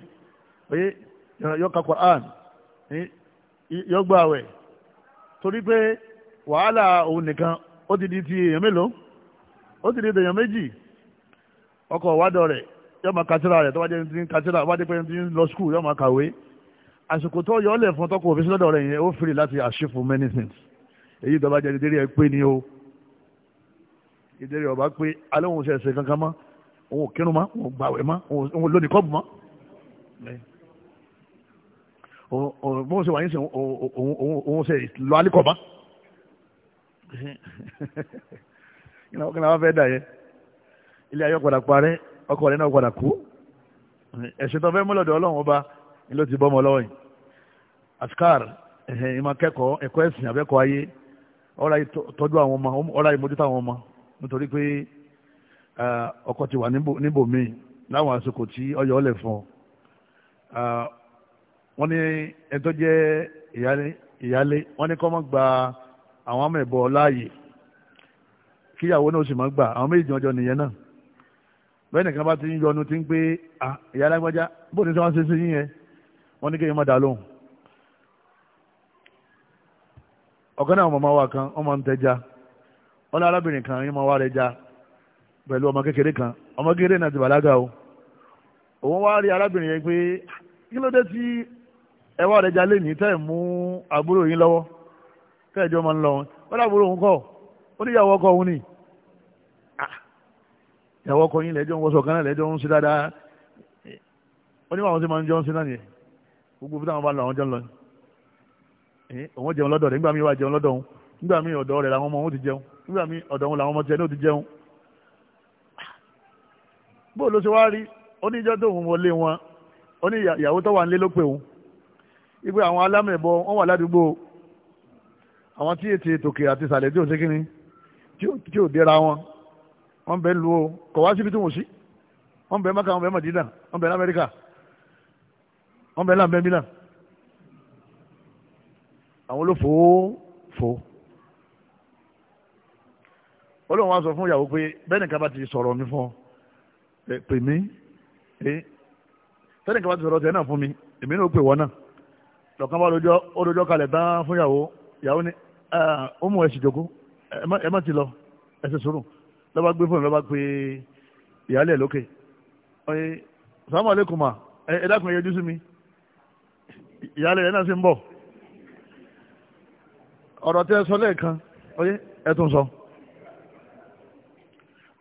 pé yóò ka Qur'an yóò gbà wẹ̀ torí pé wàhálà òun nìkan ó ti di ti èèyàn mélòó ó ti di èèyàn méjì ọkọ̀ ìwádọ̀ rẹ̀ yóò máa katira rẹ̀ tó bá jẹ́ ní katira bá dé pé ní lọ skul yóò máa kàwé àsìkò tó yọ ọ́lẹ̀ fún tọ́kọ̀ òfin sílọ́dọ̀ rẹ̀ yẹn ó fìrì láti achieve for many things èyí tó bá jẹ́ ìdérí ẹ pé ni o ìdérí ọba pé alẹ́ òun ṣẹ̀ṣẹ̀ kankan mọ́ òun ò kírun mọ́ òun gbàwẹ̀ mọ́ òun lónìí kọ́ọ̀bù mọ́ òun ṣe wà yín sìn òun ṣe lọ alíkọ̀ mọ́ kí ni àwọn fẹ́ dà yẹn ilé ayé ọ̀padà parẹ́ ọkọ rẹ̀ náà ọ̀padà kú ẹ̀sìn tó fẹ́ mú lọ́dọ̀ ọlọ́run ọba ni ló ti bọ́ ọmọ lọ́wọ́ yìn askar ìmọ̀ akẹ́kọ̀ọ́ ẹ̀kọ́ ẹ̀sìn abẹ́kọ̀ ayé ọ̀rá ìtọ́jú àwọn ọmọ ọ̀rá ìmójútó àwọn ọmọ nítorí pé ọkọ ti wà níbòmí láwọn àsìkò tí ọyọ ọlẹ̀ fún ọ wọ́n ní ẹni tó jẹ́ ìyálé wọ́n ní kọ́ mọ́ gba àwọn ọmọ láàyè kíyàwó náà sì mọ́ gbà àwọn méjì ọjọ́ nìyẹn náà bẹ́ẹ̀ kan bá ti ń yọnu ti ń pé ìyá alágbájá bó ní sọ wá ṣe sí yín yẹn wọ́n ní kéèyàn má lóhùn. ọ̀kan náà wa kan ọ ma ń tẹja wọ́n lé arábìnrin kan yín máa wá rẹ̀ pẹ̀lú ọmọ kékeré kan ọmọ kékeré náà ti bàlágà o òun wá rí arábìnrin yẹn pé kí ló dé tí ẹ tẹ́ ẹ̀ mú àbúrò yín lọ́wọ́ máa ń lọ wọn wọ́n lábúrò òun kọ́ ìyàwó ọkọ yín lẹ́jọ́ ń wọ́sọ̀ kan náà lẹ́jọ́ ń ṣe dáadáa ó ní àwọn tí máa ń jọ ń ṣe náà nìyẹn gbogbo táwọn bá lọ àwọn jọ ń lọ òun jẹun lọ́dọ̀ rẹ̀ nígbà míì wà jẹun lọ́dọ̀ òun nígbà míì ọ̀dọ̀ rẹ̀ làwọn ọmọ òun ti jẹun nígbà míì ọ̀dọ̀ òun làwọn ọmọ tiẹ̀ náà ti jẹun bó ló ṣe wá rí ó ní ìyàwó tó òun ipe wọn wà ládùúgbò wọ́n bẹ̀ lu o kọ̀ wá síbi tí wọ́n sí wọ́n bẹ̀ maka wọ́n bẹ̀ madina wọ́n Amerika, lamẹ́ríkà wọ́n bẹ̀ lambẹ́ mina àwọn ló fò ó fò ó lóun wá sọ fún ìyàwó pé bẹ́ẹ̀ nìkan bá ti sọ̀rọ̀ mi fún ọ pè mí tẹ́lẹ̀ kan bá ti sọ̀rọ̀ tẹ́ náà fún mi èmi náà pè wọ́n náà lọ́kàn bá ó dojọ́ kalẹ̀ tán fún ìyàwó ìyàwó ni ó mú ẹ̀ sì jókòó ẹ má ti lọ ẹ sì sùúrù lọ́ba gbé fóònù lọ́ba pé ìyálẹ̀ lókè ọ̀yẹ́ sàmú aleykum ma ẹ dákun yẹjú sí mi ìyálẹ̀ yẹn náà sì ń bọ̀ ọ̀rọ̀ tẹ́ ẹ sọ lẹ́ẹ̀kan ọ̀yẹ́ ẹ tún sọ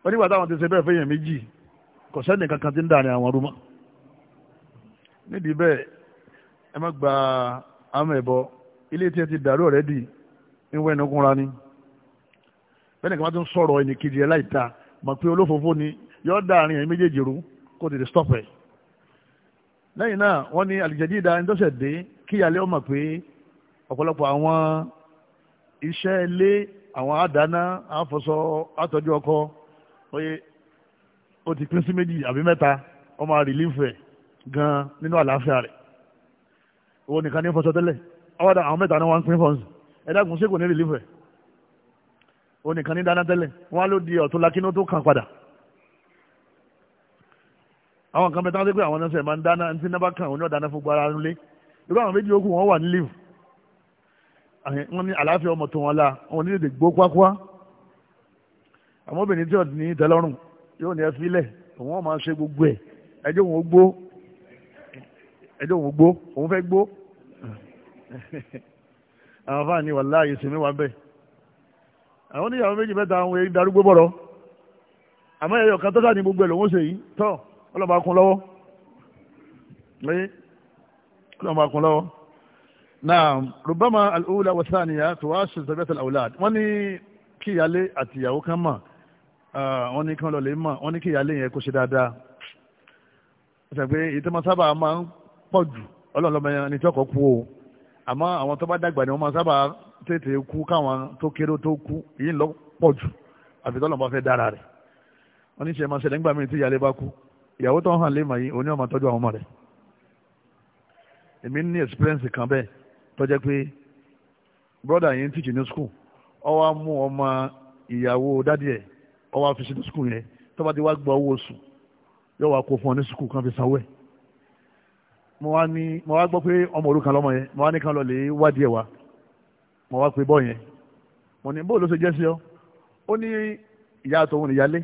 onígbà táwọn ti ṣe bẹ́ẹ̀ fẹ́yàn méjì kò sẹ́ni kankan ti ń dà àwọn ọdún mọ́ nídìí bẹ́ẹ̀ ẹ má gba àmọ̀ ẹ̀bọ ilé tí ẹ ti dàrú ọ̀rẹ́dì ń wẹ́nu kúnra ni bẹ́ẹ̀ nìkan bá ti ń sọ̀rọ̀ ẹnì kejì ẹ láìta mọ̀ pé olófòófó ni yọ̀ọ́ da àárín ẹ̀yìn méjèèjì rú kó tètè stop ẹ̀. lẹ́yìn náà wọ́n ní àlìjẹ̀dídà ẹni tó ṣẹ̀ dé kíyàlẹ́ ọmọ pé ọ̀pọ̀lọpọ̀ àwọn iṣẹ́ ilé àwọn àdáná àfọ̀sọ àtọ́jú ọkọ oye ó ti pín sí méjì àbí mẹ́ta ọmọ rìlífù ẹ̀ gan nínú àlàáfíà rẹ̀ owó nìkan ní fọṣọ tẹ́lẹ̀ àwọn onìkan ní dáná tẹ́lẹ̀ wọ́n ló di ọ̀tún lakínú tó kàn padà àwọn kan mẹ́ta ń pé àwọn ẹsẹ̀ máa ń dáná ní sinaba kan òun yóò dáná fún gbára nulẹ̀ irú àwọn méjì yòókù wọn wà ní live wọn ní àlàáfíà ọmọ tó wọn la wọn ní lè gbó kwakwa àwọn obìnrin tí wọn ní tẹ́lọ́rùn yóò ní ẹfi lẹ òun wọn máa ṣe gbogbo ẹ ẹjọ òun gbó ẹjọ òun gbó òun fẹ́ gbó àwọn oníyàwó méjì mẹ́ta àwọn èyí darúgbó bọ̀rọ̀ àmọ́ ẹ̀yọ̀ kan tó sàní gbogbo ẹ̀ lòún ṣe yìí tọ́ ọlọ́mọ akun lọ́wọ́ lẹ́yìn ọlọ́mọ akun lọ́wọ́ náà rubama al'ula wa saniya tó wá ṣe sẹ́fẹ́sẹ̀ al'aulad wọ́n ní kí àti ìyàwó kan mà wọ́n ní kan lọ́lẹ̀ mà wọ́n ní kí yẹn kó ṣe dáadáa ṣàgbé èyí tó máa sábà máa ń pọ̀ jù ọlọ́ọ̀lọ́mọ ẹni tí ọkọ̀ kú o àmọ́ àwọn tó bá dàgbà ni wọ́n máa sábà tètè kú káwọn tó kéré tó kú èyí lọ pọ̀ jù àfi tọ́lọ̀ bá fẹ́ dára rẹ̀ wọ́n ní ṣe máa ṣẹlẹ̀ nígbà míì tí ìyáálé bá kú ìyàwó tó ń hàn léèmọ̀ yìí oní ọmọ tọ́jú àwọn ọmọ rẹ̀ èmi ní experience kan bẹ́ẹ̀ tó jẹ́ pé brother yìí ń teach ní school ó wá mú ọmọ ìyàwó dádì ẹ̀ ó wá fi sínú school yẹn tó bá ti wá gba owó oṣù yóò wá kó fún ọ ní school kan fi sanwó ẹ̀ mo wá gbọ́ pé ọmọ òrukàn lọ́mọ yẹn mo wá ní kan lọ lè wádìí ẹ̀ wá mo wá pe bọ́ yẹn mo ní bóòlù ló ṣe jẹ́ sí ọ ó ní ìyá tòun níyálé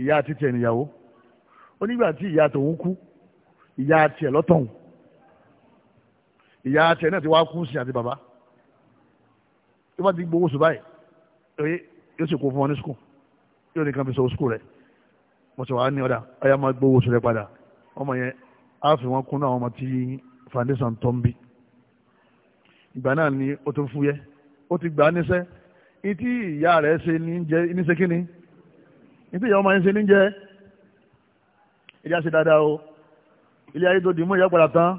ìyá àti tiẹ̀ níyàwó ó nígbà tí ìyá tòun kú ìyá àti ẹ̀ lọ́tọ̀hún ìyá àti ẹ̀ náà ti wá kú sí àti bàbá tó bá ti gbowó sùn báyìí yóò sì kó fún ọ ní skul yóò ní kan fi sọ skul rẹ mo sì wàá ní ọ̀dà ọ̀yà máa gbowó sùn rẹ padà ọmọ yẹn á fi wọn kún náà ọmọ tí foundation tó ń bí ìgbà náà ni ó tó fúyẹ́ ó ti gbà á níṣẹ́ ìtí ìyá rẹ̀ ṣe níṣẹ́ kíni ìtí ìyá ọmọ yẹn ṣe níjẹ́ ilé àṣẹ dáadáa o ilé ayé tó dì mú ìyá padà tán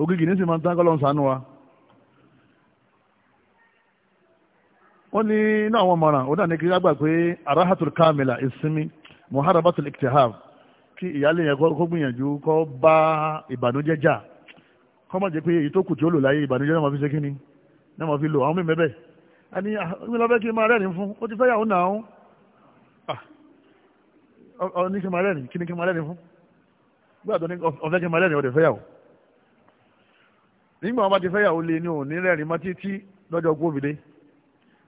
ògìgì ní sì máa tán kọ́lọ́ ń sànú wa. wọ́n ní inú àwọn ọmọràn ó dàní kí á gbà pé arahatul kamila ìsinmi muharabatul iktihab kí ìyáálé yẹn kó gbìyànjú kó bá ìbànújẹ́ jà kọ́mọ̀ jẹ́ pé èyí tó kù tí ó lò láyé ìbànújẹ́ náà máa fi ṣe kí ni náà máa fi lò àwọn mímẹ́ bẹ́ẹ̀ a ní ìmìlọ ah, bẹ́ẹ̀ kí n máa rẹ́rìn fún ó ti fẹ́yàwó náà ó ah, ní kí n máa rẹ́rìn kí ni kí n máa rẹ́rìn fún gbọ́dọ̀ ní ọ̀fẹ́ kí n máa rẹ́rìn ọ̀dẹ̀ fẹ́yàwó nígbà wọn bá ti fẹ́yàwó lé e, ní òní rẹ́rìn má títí lọ́jọ́ gbóbìdé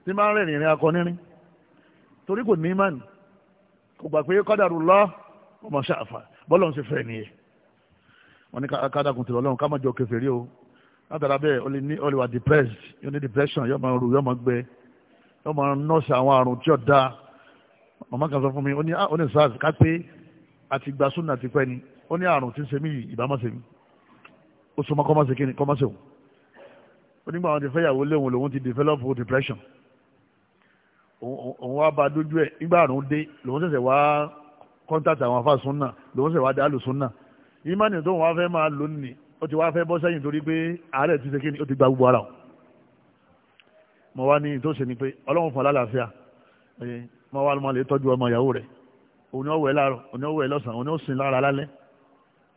tí máa ń rẹ́rìn ìrìn akọ nírin torí kò ní ìmánì kò gbà pé kọ́dàrú lọ́ ọmọ ṣàfà bọ́lọ̀ ń ṣe fẹ́ nìyẹn wọ́n ní kádàkùn tìrọ̀ lọ́hùn ká má jọ o látara bẹ́ẹ̀ ó lè wà depressed yóò ní depression yóò máa ru yóò máa gbẹ yóò máa nọ́ọ̀sì àwọn àrùn tí ò da màmá kan sọ fún mi ó ní ah, ó ní SARS ká pé àti gba súnà ti pẹ́ ni ó ní àrùn tí ń ṣe mí yìí ìbámu ṣe mí ó sọ ma kọ́ má ṣe kíni kọ́ má ṣe òun ó nígbà àwọn ti fẹ́ yàwó léwọn lòun ti develop depression òun wá ba dójú ẹ̀ nígbà àrùn dé lòun ṣẹ̀ṣẹ̀ wá contact àwọn afáàsúnà lòun ṣẹ̀ṣẹ̀ wá dé àlùsúnà Imani tó wọn fẹ́ máa lò ní ó ti wá fẹ́ bọ́ sẹ́yìn torí pé àárẹ̀ ti ṣe kí ni ó ti gba gbogbo ara o mo wá ní tó ṣe ni pé ọlọ́run fún alálàáfíà ẹ mo wá lọ́mọ lè tọ́jú ọmọ ìyàwó rẹ̀ òun ni ó wẹ̀ láàárọ̀ òun ni ó wẹ̀ lọ́sàn-án òun ni ó sìn lára lálẹ́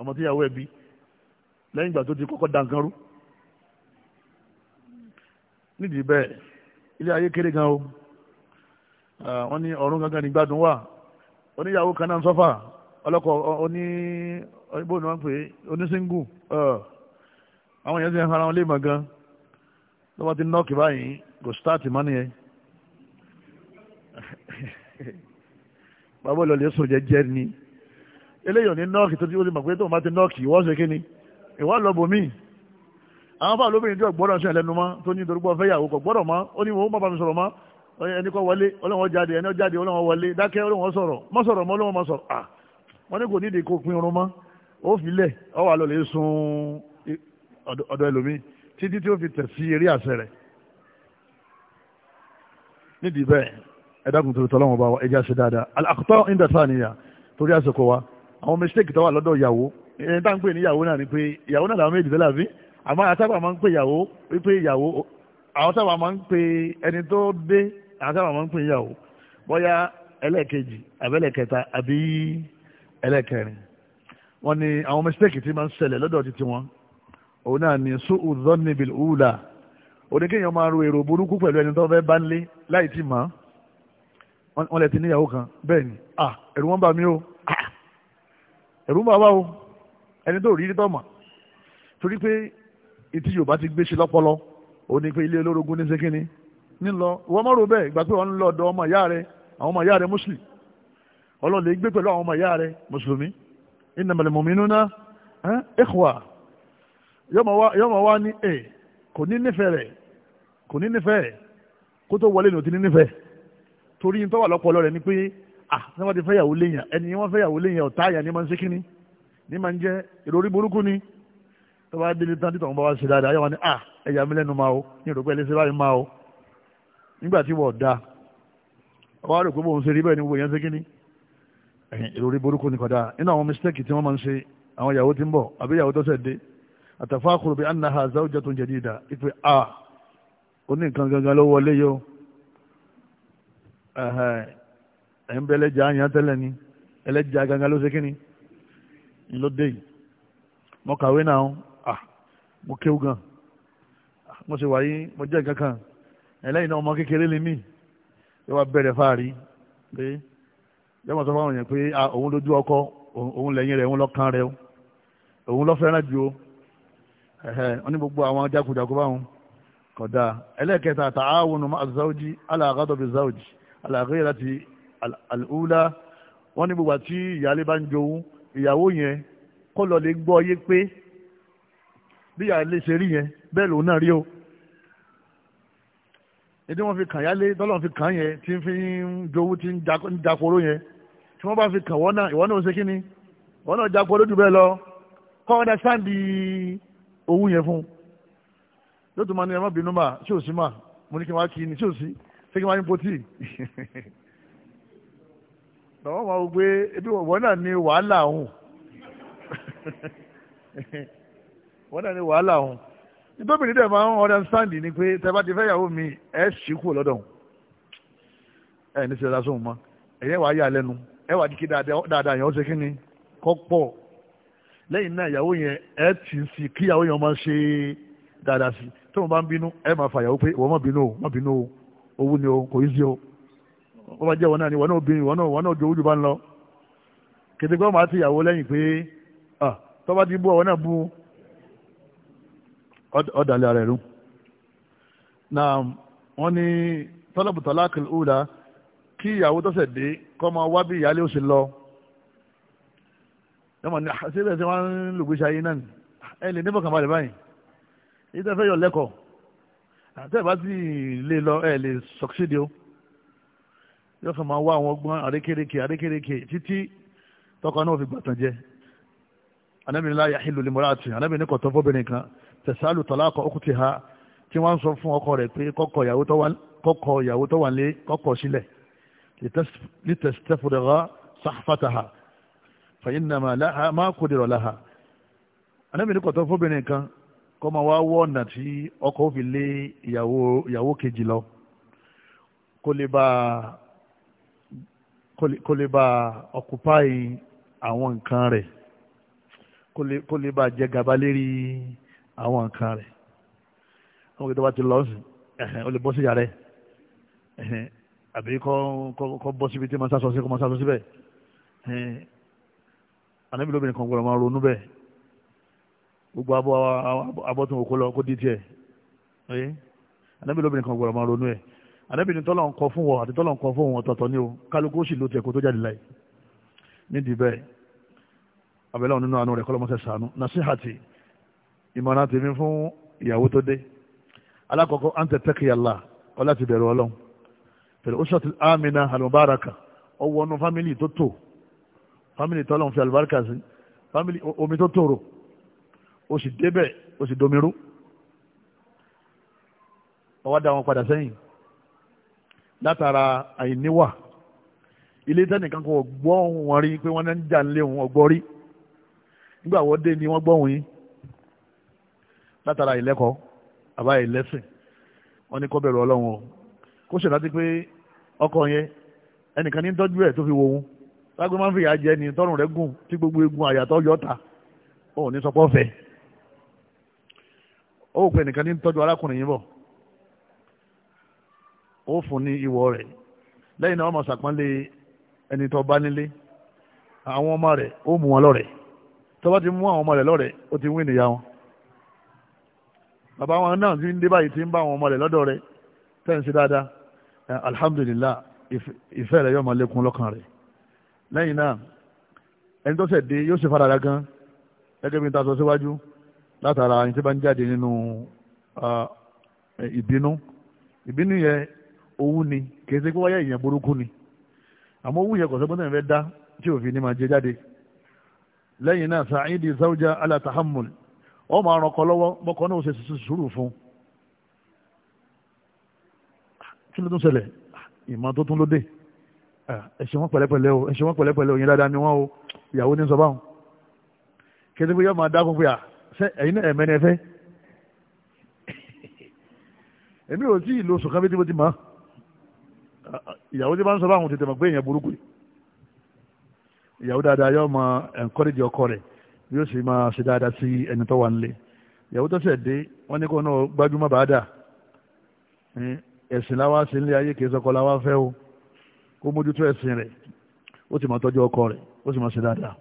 ọmọ tí ìyàwó ẹ̀ bí lẹ́yìn ìgbà tó ti kọ́kọ́ da nǹkan rú nídìí bẹ́ẹ̀ ilé ayé kéré gan o wọ́n ní ọ̀run gangan nígbàdùn wà oníyàwó kan náà sọ́fà ọlọ́kọ̀ bó ni wọ́n pè é oníṣíngù àwọn èèyàn ti ń fara wọn lé mọ̀ gan lọ́wọ́ ti nọ́ọ̀kì báyìí kò sítáàtì mọ́ nìyẹn bàbá ìlọlẹ̀ sùn jẹ́jẹ́ ni eléyìí ò ní nọ́ọ̀kì tó ti ó ti mọ̀ pé tóun bá ti nọ́ọ̀kì ìwọ́ ṣe kí ni ìwọ́ lọ bòmí àwọn fáwọn olóbìnrin tí ò gbọ́dọ̀ sí ẹlẹ́nu mọ́ tó ní dorúkọ fẹ́ yàwó kò gbọ́dọ̀ mọ́ ó ní wọn ó má bá mi sọ̀rọ̀ mọ́ ẹni kọ́ wọlé ọlọ́wọ́ jáde ẹni jáde ọlọ́wọ́ wọlé dákẹ́ ọlọ́wọ́ sọ̀rọ̀ mọ́ sọ̀rọ̀ mọ́ ọlọ́wọ́ mọ́ sọ̀rọ̀ à wọ́n ní kò nídìí kó pin mọ́ ó fi lẹ̀ ọ wà lọ lè sun ọ̀dọ̀ ẹlòmíì títí tí ó fi tẹ̀ sí eré àṣẹ rẹ̀ nídìí bẹ́ẹ̀ ẹ dákun torí tọ́lọ́wọ́n bá wa ẹ jẹ́ àṣẹ dáadáa àkọ́tọ́ ìdá sáàníyà torí àsìkò wa àwọn mistake tó wà lọ́dọ̀ ìyàwó ẹni tá ń pè ní ìyàwó náà ni pé ìyàwó náà làwọn méjì fẹ́ làbí àmọ́ àtàwọn máa ń pè ìyàwó wípé ìyàwó àwọn sábà máa ń pè ẹni tó dé àwọn sábà máa ń pè ìyàwó bóyá ẹlẹ́ẹ̀kejì àbẹ́lẹ̀kẹta àbí ẹlẹ́ẹ̀kẹrin wọ́n ní àwọn mistake tí máa ń ṣẹlẹ̀ lọ́dọ̀ títí wọn òun náà ní sùúrù zọ́nìbìl ùlà oníkéèyàn máa ro èrò burúkú pẹ̀lú ẹni tó fẹ́ bá ń láì tí mọ́ wọ́n lẹ ti níyàwó kan bẹ́ẹ̀ ni ẹ̀rù wọn bà mí o ẹ̀rù ń bà wá o ẹni tó rí tọ́mọ̀ torí pé etí yorùbá ti gbé ṣe lọ́pọlọ òun ni pé ilé olórogún ní sékíní ńlọ wọ́n mọ̀ rò bẹ́ẹ̀ ìgbà pé wọ́n ń lọ ọ̀dọ̀ ọmọ ìyá rẹ àwọn ọmọ ìyá rẹ mùsùlùmí ọlọ́ọ̀lẹ́ gbé pẹ̀lú àwọn ọmọ ìyá rẹ mùsùlùmí innamal mu'minuna ikhwa yọmọ wa ní ẹ kò ní nífẹ̀ẹ́ rẹ̀ kò ní nífẹ̀ẹ́ kó tó wọlé ní òtí ní nífẹ̀ẹ́ torí ní tọ́wà lọ́pọ̀ lọ́rẹ̀ ni pé ah ní wọ́n ti fẹ́yàwó léyìn ẹni wọ́n fẹ́yàwó léyìn ọ̀tá àyà ní máa ń ṣe kíní ní máa ń jẹ́ ìròrí burúkú ni tó bá délé tán títọ̀ ń bá wá ṣe dáadáa yọ̀wọ́ ni ah ẹ̀yà mi lẹ́nu máa o ní ìròpẹ́ ẹlẹ́sẹ̀ báyìí máa o nígbà tí wọ́n da ọwọ́ rẹ̀ pé bóun ṣe rí bẹ́ẹ̀ ni gbogbo yẹn ṣe kíní ìròrí burúkú ni kódà nínú àwọn mistake tí wọ́n máa ń ṣe àwọn ìyàwó tí ń bọ̀ àbí ìyàwó tó ṣẹ̀ dé àtàfáàkùrù bí annaha zawjatun jadida ìpè a ó ní nǹkan gangan ló wọlé yó ẹ̀ ń bẹ àyàn tẹ́lẹ̀ ni ẹlẹ́jà gangan ló ṣe kí ni ni ló dé yìí mo kàwé náà ah mo kéwú gan mo ṣe wáyé mo jẹ́ nǹkan kan ẹlẹ́yìn náà ọmọ kékeré lè mí yóò wá bẹ̀rẹ̀ fáàrí pé. Okay? yọmọ sọ fáwọn yẹn pé òun lójú ọkọ òun lẹ́yìn rẹ̀ òun lọ́kàn rẹ̀ òun lọ́ fẹ́ràn ju o wọ́n ní gbogbo àwọn jákujàku báwọn kódà ẹlẹ́ẹ̀kẹta ta'awunu ma'a zawji ala ghadabi zawji ala ghayrati al-ula wọ́n ní gbogbo àti ìyáálé bá ń jowú ìyàwó yẹn kọ́ lọ lè gbọ́ yé pé bí ìyáálé ṣe rí yẹn bẹ́ẹ̀ lòun náà rí o èdè wọn fi kàn yálé dọ́lọ́n fi kàn yẹn tí ń fi ń jowú tí ń jakoro yẹn tí wọ́n bá fi kàn wọ́n náà ìwọ́n náà ó ṣe kí ni wọ́n náà jápọ̀ lójú bẹ́ẹ̀ lọ kọ́ ọ́n dá sáǹdì owó yẹn fún un lótú máa ní ẹmọ́ bínú mà tí ò sí mà mo ní kí n wá kí ni tí ò sí ṣé kí n wá ní potí lọ́wọ́ máa wọ pé ebi wọ́n náà ní wàhálà ọ̀hún wọ́n náà ní wàhálà ọ̀hún ìtòbìnrin dẹ̀ máa ń understand ni pé tẹ́ bá ti fẹ́ yàwó mi ẹ̀ ṣì kú lọ́dọ̀ ẹ̀ ní sẹ́dá sóhun mọ́ ẹ̀yẹ́ wàá yà lẹ́nu ẹ wà díkì dáadáa yẹn ó ṣe kí ni kọ́ pọ̀ lẹ́yìn náà ìyàwó yẹn ẹ ti sì kí ìyàwó yẹn máa ṣe dáadáa sí tó wọn bá ń bínú ẹ máa fa ìyàwó pé ìwọ má bínú o má bínú o owó ni o kò í sí o wọ́n bá jẹ́ wọn náà ni wọn náà obìnrin wọn náà wọn náà jowú ju bá ń lọ kìtìkọ́ máa ti ìyàwó lẹ́yìn pé tọ́ba ti bú ọ̀wọ́ náà bú ọ̀dàlẹ̀ rẹ̀ rú. na wọ́n ní tọ́lọ̀bù tọ́lá kí ìyàwó tọ́sẹ̀ dé kọ́ máa wá bí ìyáálé ó sì lọ yọmọ ní síbẹ̀ tí wọ́n ń lùgbèsè ayé náà ah, ẹ lè níbọ̀ kàmá lè báyìí yìí tẹ́ fẹ́ yọ lẹ́kọ̀ọ́ àti ah, ẹ̀ bá ti lè lọ ẹ lè sọ̀kṣídìí o yóò fẹ́ máa wá àwọn ọgbọ́n àrékérekè àrékérekè títí tọkọ náà fi gbàtàn jẹ anábìnrin láyà ìlú limora àti anábìnrin kọ̀tọ́ fóbìnrin kan tẹ̀sálù tọ́lákọ̀ ọkùtì ha tí wọ́n ń sọ fún ọkọ rẹ̀ pé kọ́kọ́ ìyàwó tó wà nílé kọ́kọ́ sílẹ̀ لتستفرغ صحفتها فإنما لها ما قدر لها anábìnrin kọ̀tọ́ fóbìnrin kan kọ́ máa wá wọ́ ọ̀nà tí ọkọ fi lé ìyàwó kejì lọ kó lè bá kó lè bá ọkùpáì àwọn nǹkan rẹ̀ kó lè bá jẹ gàba lérí àwọn nǹkan rẹ̀ àwọn kìtọ́ bá ti lọ sí ẹ̀hẹ̀n ó lè bọ́ sí yàrá ẹ̀ ẹ̀hẹ̀n àbí kọ́ bọ́ síbi tí ma sá sọ sí kọ́ ma sá sọ síbẹ̀ ànábì lóbìnrin kan gbọ́dọ̀ máa ronú bẹ́ẹ̀ gbogbo abọ́ abọ́tún òkú lọ kó di tiẹ̀ ànábì lóbìnrin kan gbọ́dọ̀ máa ronú ẹ̀ ànábì ní tọ́lọ̀ ń kọ fún wọ àti tọ́lọ̀ ń kọ fún òun ọ̀tọ̀ọ̀tọ̀ ni o kálukú sì ló tiẹ̀ kó tó jáde láì nídìí bẹ́ẹ̀ abẹ́lẹ́ nínú àánú rẹ̀ kọ́lọ́mọsẹ̀ sànú nasihati ìmọ̀ràn tèmi fún ìyàwó tó dé alákọ̀ọ́kọ́ à ń tẹ̀ tẹ́kìyàlá ọlá ti bẹ̀rù ọlọ́run pẹ̀lú oṣooṣù amina alubaraka ọwọ́ ọ̀nà fámìlì tó tò fámìlì tọ́lọ̀ fi alubaraka sí fámìlì omi tó tòrò o sì débẹ̀ o sì domirú ọwọ́ da wọn padà sẹ́yìn látara àìníwà ilé tẹ́nìkan kò gbọ́ wọn rí pé wọ́n ń jà ń lé wọn ọgbọ́ rí nígbà wọ́n dé ni wọ́n gbọ́ wọn yìí látara ìlẹ́kọ̀ọ́ àbá ìlẹ́sìn wọ́n ní kó bẹ̀rù ọlọ́run o kó ṣèlá ti pé ọkọ yẹn ẹnìkan ní tọ́jú ẹ̀ tó fi wo òun lágbé máa ń fìyà jẹ ni tọ́rùn gùn tí gbogbo egun àyàtọ̀ yọ ta òun ní sọpọ́ fẹ́ ó wò pé ní tọ́jú arákùnrin yìí bọ̀ ó fún ní ìwọ rẹ lẹ́yìn náà wọ́n máa ẹni ti mú àwọn ọmọ lọ́rẹ̀ ti wí nìyá wọn bàbá wọn náà ti ń dé báyìí ti ń bá àwọn ọmọ Eh, alhamdulillah ìfẹ́ rẹ̀ yóò máa lékún lọ́kàn rẹ̀ lẹ́yìn náà ẹni tó ṣẹ̀dé yóò ṣe farada gan gẹ́gẹ́ bí n ta sọ síwájú látara ẹni tí bá ń jáde nínú ìbínú ìbínú yẹn owú ni kì í ṣe pé wáyà ìyẹn burúkú ni àmọ́ owú yẹn kò sọ pé tẹ̀yìn fẹ́ dá tí òfin ni máa jẹ jáde lẹ́yìn náà sa'idi zawja ala ọ máa ràn kọ́ lọ́wọ́ bọ́kọ ó ṣe sùúrù fún un kí ló tún ṣẹlẹ̀ ìmọ̀ tó tún ló dé ẹ̀ṣẹ̀ wọn pẹ̀lẹ́pẹ̀lẹ́ o ẹ̀ṣẹ̀ wọn pẹ̀lẹ́pẹ̀lẹ́ o yẹn dáadáa ni wọ́n o ìyàwó ní sọ báwọn kí ni yóò máa dákun pé à ṣe ẹ̀yin náà ẹ̀mẹ́ni ẹ̀fẹ́ èmi ò tí ì lo sùkán bí tí mo ti mọ̀ ìyàwó tí bá ń sọ báwọn tètè mọ̀ pé èèyàn burúkú ìyàwó dáadáa yóò máa encourage ọkọ rẹ̀ yóò sì máa ṣe dáadáa sí ẹni tó wà nílé ìyàwó tó ṣẹ̀ dé ẹ̀sìn láwa sí ilé ayé kì í sọkọ láwa fẹ́ o kó mójútó ẹ̀sìn rẹ̀ ó sì máa tọ́jú ọkọ rẹ̀ ó sì máa ṣe dáadáa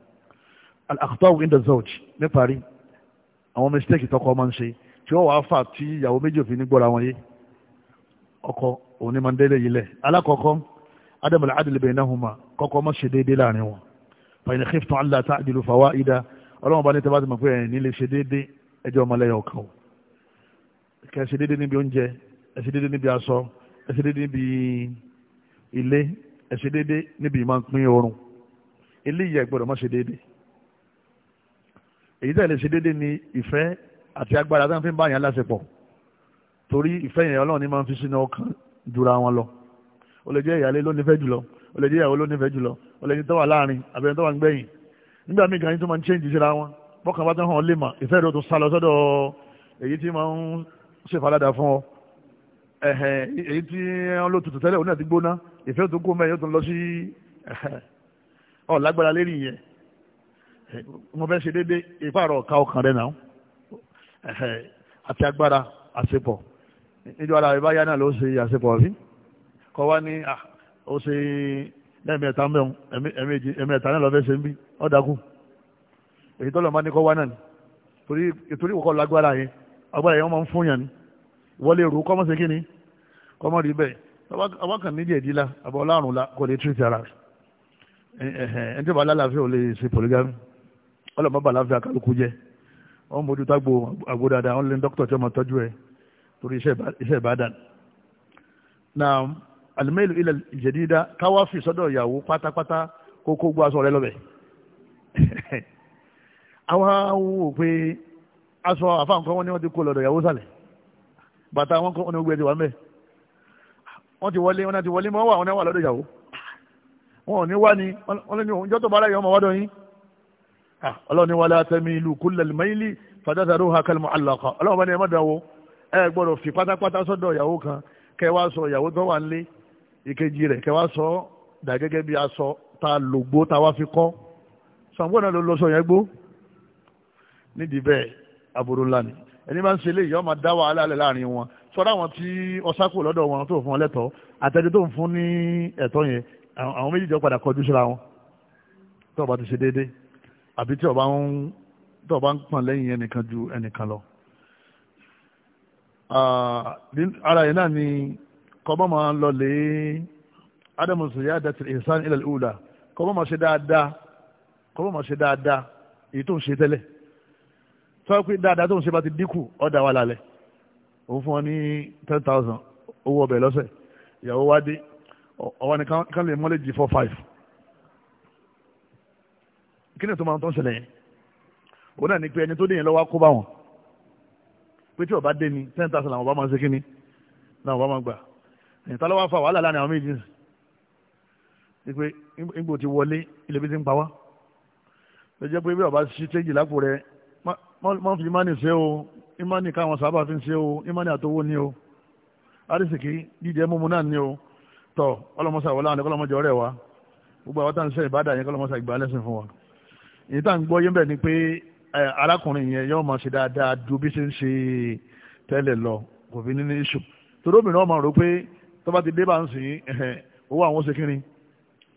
al-akhtaw inda zawj níparí àwọn mistake tọkọ máa ń ṣe tí wọ́n wàá fà tí ìyàwó méjì òfin ní gbọ́ra wọn yé ọkọ òun máa ń délé yìí lẹ̀ alákọ̀ọ́kọ́ adam al-adl baynahuma kọ́kọ́ má ṣe déédéé láàrin wọn fa in khiftum alla ta'dilu fawahida ọlọ́run bá ní tẹ́bá ti mọ̀ pé ẹ̀yìn ní lè ṣe déédéé ẹjọ́ ọmọlẹ́yọ̀ kan kẹ́ ṣe déédéé níbi oúnjẹ ẹ ṣe déédéé níbi aṣọ ẹ ṣe déédéé níbi ilé ẹ ṣe déédéé níbi ìmọ̀ pín oorun eléyìí ẹ gbọ́dọ̀ má èyí tẹ̀lé ṣe ni ìfẹ́ àti agbára tó ń fi bá yàn láṣepọ̀ torí ìfẹ́ yẹn ọlọ́run ní máa ń fi sínú ọkàn jura wọn lọ ó lè jẹ́ ìyálé ló nífẹ̀ẹ́ jùlọ ó lè jẹ́ ìyàwó ló nífẹ̀ẹ́ jùlọ ó lè jẹ́ tó wà láàrin àbẹ̀rẹ̀ tó wà gbẹ̀yìn nígbà míì kan tó máa èyí tí wọ́n ló tutù tẹ́lẹ̀ òun náà ti gbóná ìfẹ́ tó kó mẹ́ yóò tún lọ sí ọ lágbára lérí yẹn mo fẹ́ ṣe déédéé ìfàrọ̀ ọ̀ka ọkàn rẹ̀ náà àti agbára àṣepọ̀ níjọ́ ara ìbá yánà ló ṣe àṣepọ̀ rí kọ́ wá ní ó ṣe lẹ́ẹ̀mẹ́ta mẹ́rin ẹ̀mẹ́ta náà lọ́fẹ́ ṣe ń bí ọ̀dàkùn èyí tọ́lọ̀ máa ní kọ́ wá náà ni torí ìkọ́ lágbára yẹn agbára yẹn wọ́n máa ń fún yàn ni wọ́n lè rú kọ́mọ́ ṣe kíni kọ́mọ́ rí bẹ́ẹ̀ abákan níjẹ̀ ìdí la àbọ̀ ọlọ́run la kò lè tírìtì ara rẹ̀ ẹni tí ó bá lálàáfíà ò lè ṣe polygamy ọlọ́mọ bá láfíà kálukú jẹ́ wọ́n mójú tágbó àgbo dáadáa wọ́n lé dókítà tí wọ́n máa tọ́jú ẹ̀ torí iṣẹ́ ìbádàn na alimẹ́lù ilẹ̀ ìjẹ̀dídá káwá fi sọ́dọ̀ ìyàwó pátápátá kókó gbọ́ aṣọ rẹ lọ́bẹ̀ àwa wò pé aṣọ àfáǹkọ́ wọn ni wọ́n ti kó lọ́dọ̀ ìyàwó sàlẹ̀ bàtà wọn kọ́ ọ́nà ogun ẹ̀dẹ̀ wà mẹ́ wọ́n ti wọlé wọn ti wọlé mọ́ wà wọn náà wà lọ́dọ̀ ìyàwó wọn ò ní wá ni wọn lè ní òun jọ́tọ̀ bára ìyàwó wọ́dọ̀ yín ọlọ́run ni wala tamilu kullal mayli fadatharuha kal mu'allaqa ọlọ́run bá ní ẹ má dáwọ́ ẹ gbọ́dọ̀ fi pátápátá sọ́dọ̀ ìyàwó kan kẹ wá sọ ìyàwó tó wà nílé ìkejì rẹ̀ kẹ wá sọ dà gẹ́gẹ́ bí aṣọ ta lògbó ta wá fi kọ́ sọ̀gbọ́n náà ló lọ sọ yẹn gbó nídìí ẹni máa ń ṣe eléyìí ọmọ dá wàhálà lẹ̀ láàrin wọn sọ́dọ̀ àwọn tí ọ̀sá kò lọ́dọ̀ wọn tó fún ọ lẹ́tọ̀ọ́ àtẹ̀jọ́ tó ń fún ní ẹ̀tọ́ yẹn àwọn méjì jọ padà kọjú síra wọn tó bá ti ṣe déédéé àbí tí ọba ń tó bá ń pọ̀n lẹ́yìn ẹnìkan ju ẹnìkan lọ. ara yìí náà ni kọ́mọ́ máa ń lọ lé ádámù sòyá dàtí ìsán ilẹ̀ ìhùlà kọ́mọ́ máa ṣe dáadáa kọ́mọ́ máa ṣe dáadáa èyí tó ń ṣe tẹ́lẹ̀ sọ pé dáadáa tó ń ṣe bá ti dínkù ọ̀dà wà lálẹ́ òun fún ọ ní ten thousand owó ọbẹ̀ lọ́sẹ̀ ìyàwó wá dé ọwọ́ ni kán lè mọ́lẹ́jì four five kí ni tó máa ń tó ń ṣẹlẹ̀ yẹn òun náà ní pé ẹni tó dé yẹn lọ́wọ́ kó bá wọn pé tí ọba dé ni ten thousand làwọn ọba máa ṣe kí ni làwọn ọba máa gbà ẹ̀yìn tá ló wá fa wàhálà láàrin àwọn méjì ni pé ìgbò ti wọlé ilé bí ti ń pa wá lọ jẹ́ pé bí ọba ṣí téjì lápò mọ́ fi imani ṣe o imani káwọn sábà fi ń ṣe o imani àtowó ni o arísìkí jíjẹ mímu náà ni o tọ ọlọmọsà wọlé àwọn ọlọmọjọ rẹ wa gbogbo àwọn táwọn iṣẹ́ ìbádà yẹn kọlọmọsà ìgbà lẹ́sìn fún wa èyí tá à ń gbọ́ yín bẹ́ẹ̀ ni pé arákùnrin yẹn yóò máa ṣe dáadáa ju bí ṣe ń ṣe tẹ́lẹ̀ lọ kò fi ní ní iṣu torí obìnrin ọmọ rò pé tó ti dé bá ń sìn owó àwọn ṣe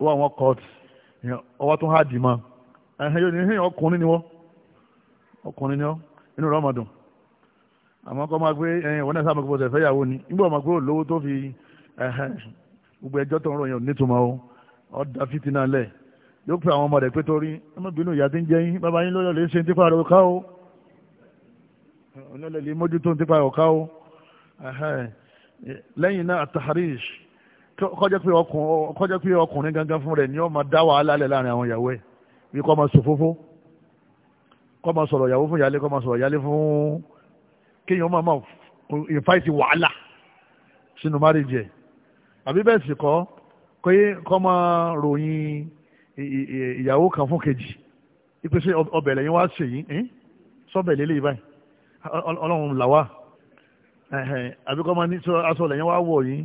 owó àwọn kọ́ọ̀tì ọwọ́ tó ń há dì mọ́ ọkùnrin ni wọ́n ọkùnrin ni ọ inú rẹ ọmọ dùn àmọ́ kọ́ máa gbé ẹyin ìwọ náà sábà gbogbo ọ̀sẹ̀ fẹ́yàwó ni nígbà ọmọ gbé olówó tó fi gbogbo ẹjọ́ tó ń ròyìn nítumọ̀ o ọ̀dà fìtínà lẹ̀ yóò pe àwọn ọmọ rẹ̀ pé torí ọmọbìnrin ìyá ti ń jẹ yín bàbá yín lọ́yọ̀ lè ṣe ń tipa rẹ̀ ọ̀ká o onílẹ̀ lè mójútó ń tipa rẹ̀ ọ̀ká o lẹ́yìn náà àtàríṣ kọjá pé ọkùnrin gangan fún rẹ̀ ni ó máa dá wàhálà lẹ̀ láàrin àwọn ìyàwó ẹ̀ kọ́ máa sọ̀rọ̀ ìyàwó fún ìyálé kọ́ máa sọ̀rọ̀ ìyálé fún kéèyàn máa máa ìfáìtì wàhálà sínú márìjì ẹ̀ àbí bẹ́ẹ̀ sì kọ́ pé kọ́ máa ròyìn ìyàwó kan fún kejì ìpèsè ọbẹ̀ lẹ́yìn wá ṣe yìí sọ́bẹ̀ lélẹ̀ báyìí ọlọ́run làwà àbí kọ́ máa ní aṣọ lẹ́yìn wá wọ̀ yìí